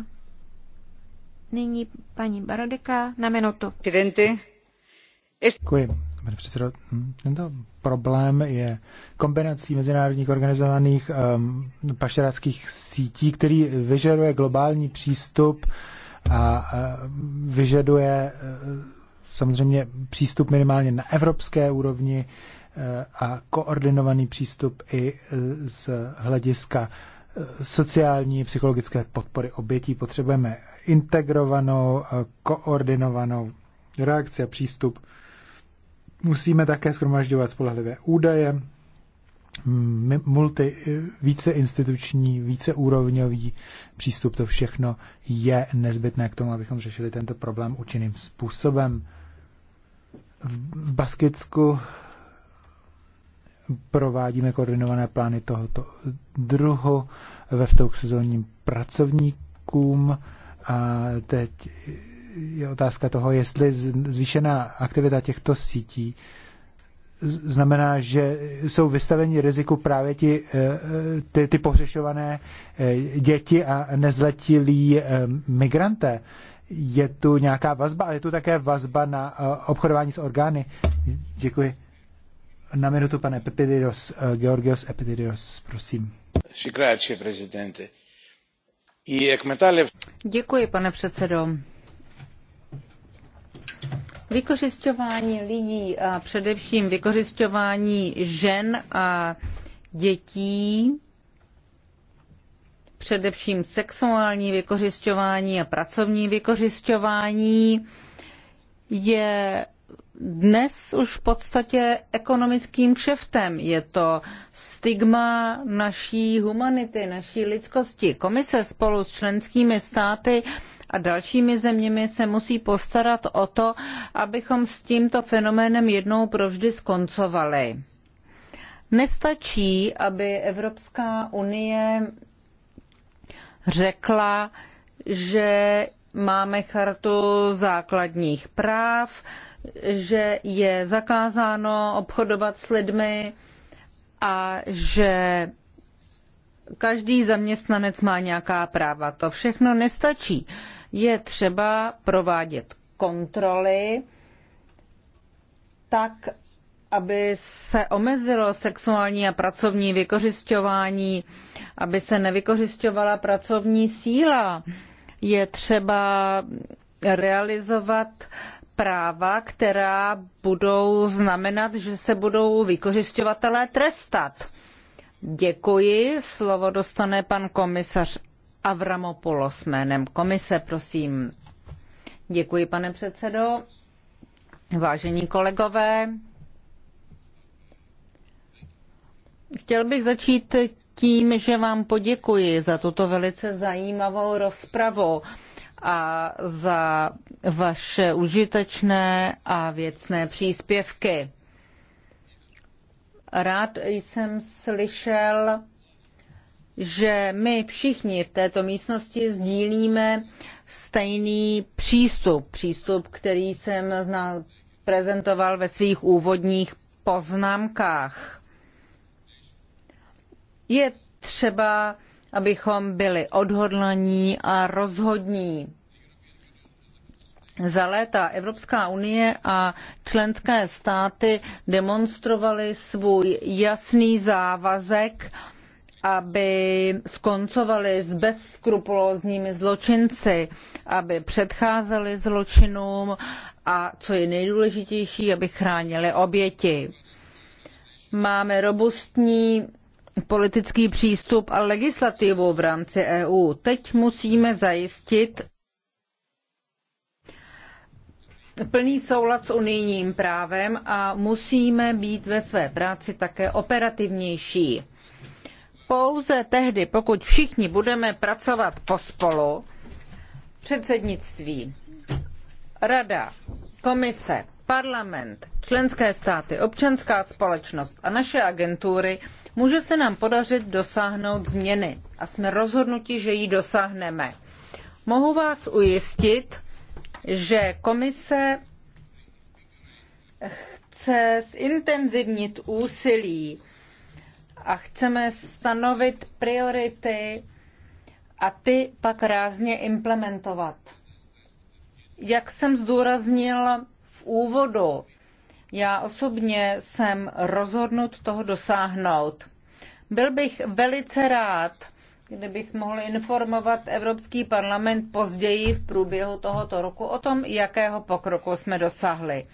nyní paní Barodeka na minutu. Děkuji, pane předsedo. Tento problém je kombinací mezinárodních organizovaných um, pašeráckých sítí, který vyžaduje globální přístup a uh, vyžaduje uh, samozřejmě přístup minimálně na evropské úrovni eh, a koordinovaný přístup i eh, z hlediska eh, sociální psychologické podpory obětí. Potřebujeme integrovanou, koordinovanou reakci a přístup. Musíme také schromažďovat spolehlivé údaje, multi, více instituční, více úrovňový přístup, to všechno je nezbytné k tomu, abychom řešili tento problém účinným způsobem. V Baskicku provádíme koordinované plány tohoto druhu ve vztahu k sezónním pracovníkům. A teď je otázka toho, jestli zvýšená aktivita těchto sítí znamená, že jsou vystaveni riziku právě ti, eh, ty, ty pohřešované eh, děti a nezletilí eh, migranté je tu nějaká vazba, ale je tu také vazba na eh, obchodování s orgány. Děkuji. Na minutu, pane Epididios, eh, Georgios Epididios, prosím. Děkuji, pane předsedo. Vykořišťování lidí a především vykořišťování žen a dětí především sexuální vykořišťování a pracovní vykořišťování je dnes už v podstatě ekonomickým kšeftem. Je to stigma naší humanity, naší lidskosti. Komise spolu s členskými státy a dalšími zeměmi se musí postarat o to, abychom s tímto fenoménem jednou provždy skoncovali. Nestačí, aby Evropská unie řekla, že máme chartu základních práv, že je zakázáno obchodovat s lidmi a že každý zaměstnanec má nějaká práva. To všechno nestačí. Je třeba provádět kontroly tak, aby se omezilo sexuální a pracovní vykořišťování, aby se nevykořišťovala pracovní síla. Je třeba realizovat práva, která budou znamenat, že se budou vykořišťovatelé trestat. Děkuji. Slovo dostane pan komisař Avramopoulos jménem komise, prosím. Děkuji, pane předsedo. Vážení kolegové, Chtěl bych začít tím, že vám poděkuji za tuto velice zajímavou rozpravu a za vaše užitečné a věcné příspěvky. Rád jsem slyšel, že my všichni v této místnosti sdílíme stejný přístup, přístup, který jsem prezentoval ve svých úvodních poznámkách je třeba, abychom byli odhodlaní a rozhodní. Za léta Evropská unie a členské státy demonstrovaly svůj jasný závazek, aby skoncovali s bezskrupulózními zločinci, aby předcházeli zločinům a co je nejdůležitější, aby chránili oběti. Máme robustní politický přístup a legislativu v rámci EU. Teď musíme zajistit plný soulad s unijním právem a musíme být ve své práci také operativnější. Pouze tehdy, pokud všichni budeme pracovat pospolu, předsednictví, rada, komise, parlament, členské státy, občanská společnost a naše agentury, může se nám podařit dosáhnout změny a jsme rozhodnuti, že ji dosáhneme. Mohu vás ujistit, že komise chce zintenzivnit úsilí a chceme stanovit priority a ty pak rázně implementovat. Jak jsem zdůraznil v úvodu, já osobně jsem rozhodnut toho dosáhnout. Byl bych velice rád, kdybych mohl informovat Evropský parlament později v průběhu tohoto roku o tom, jakého pokroku jsme dosáhli.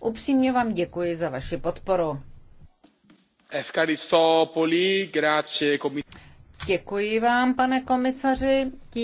Upřímně vám děkuji za vaši podporu. Děkuji vám, pane komisaři. Tím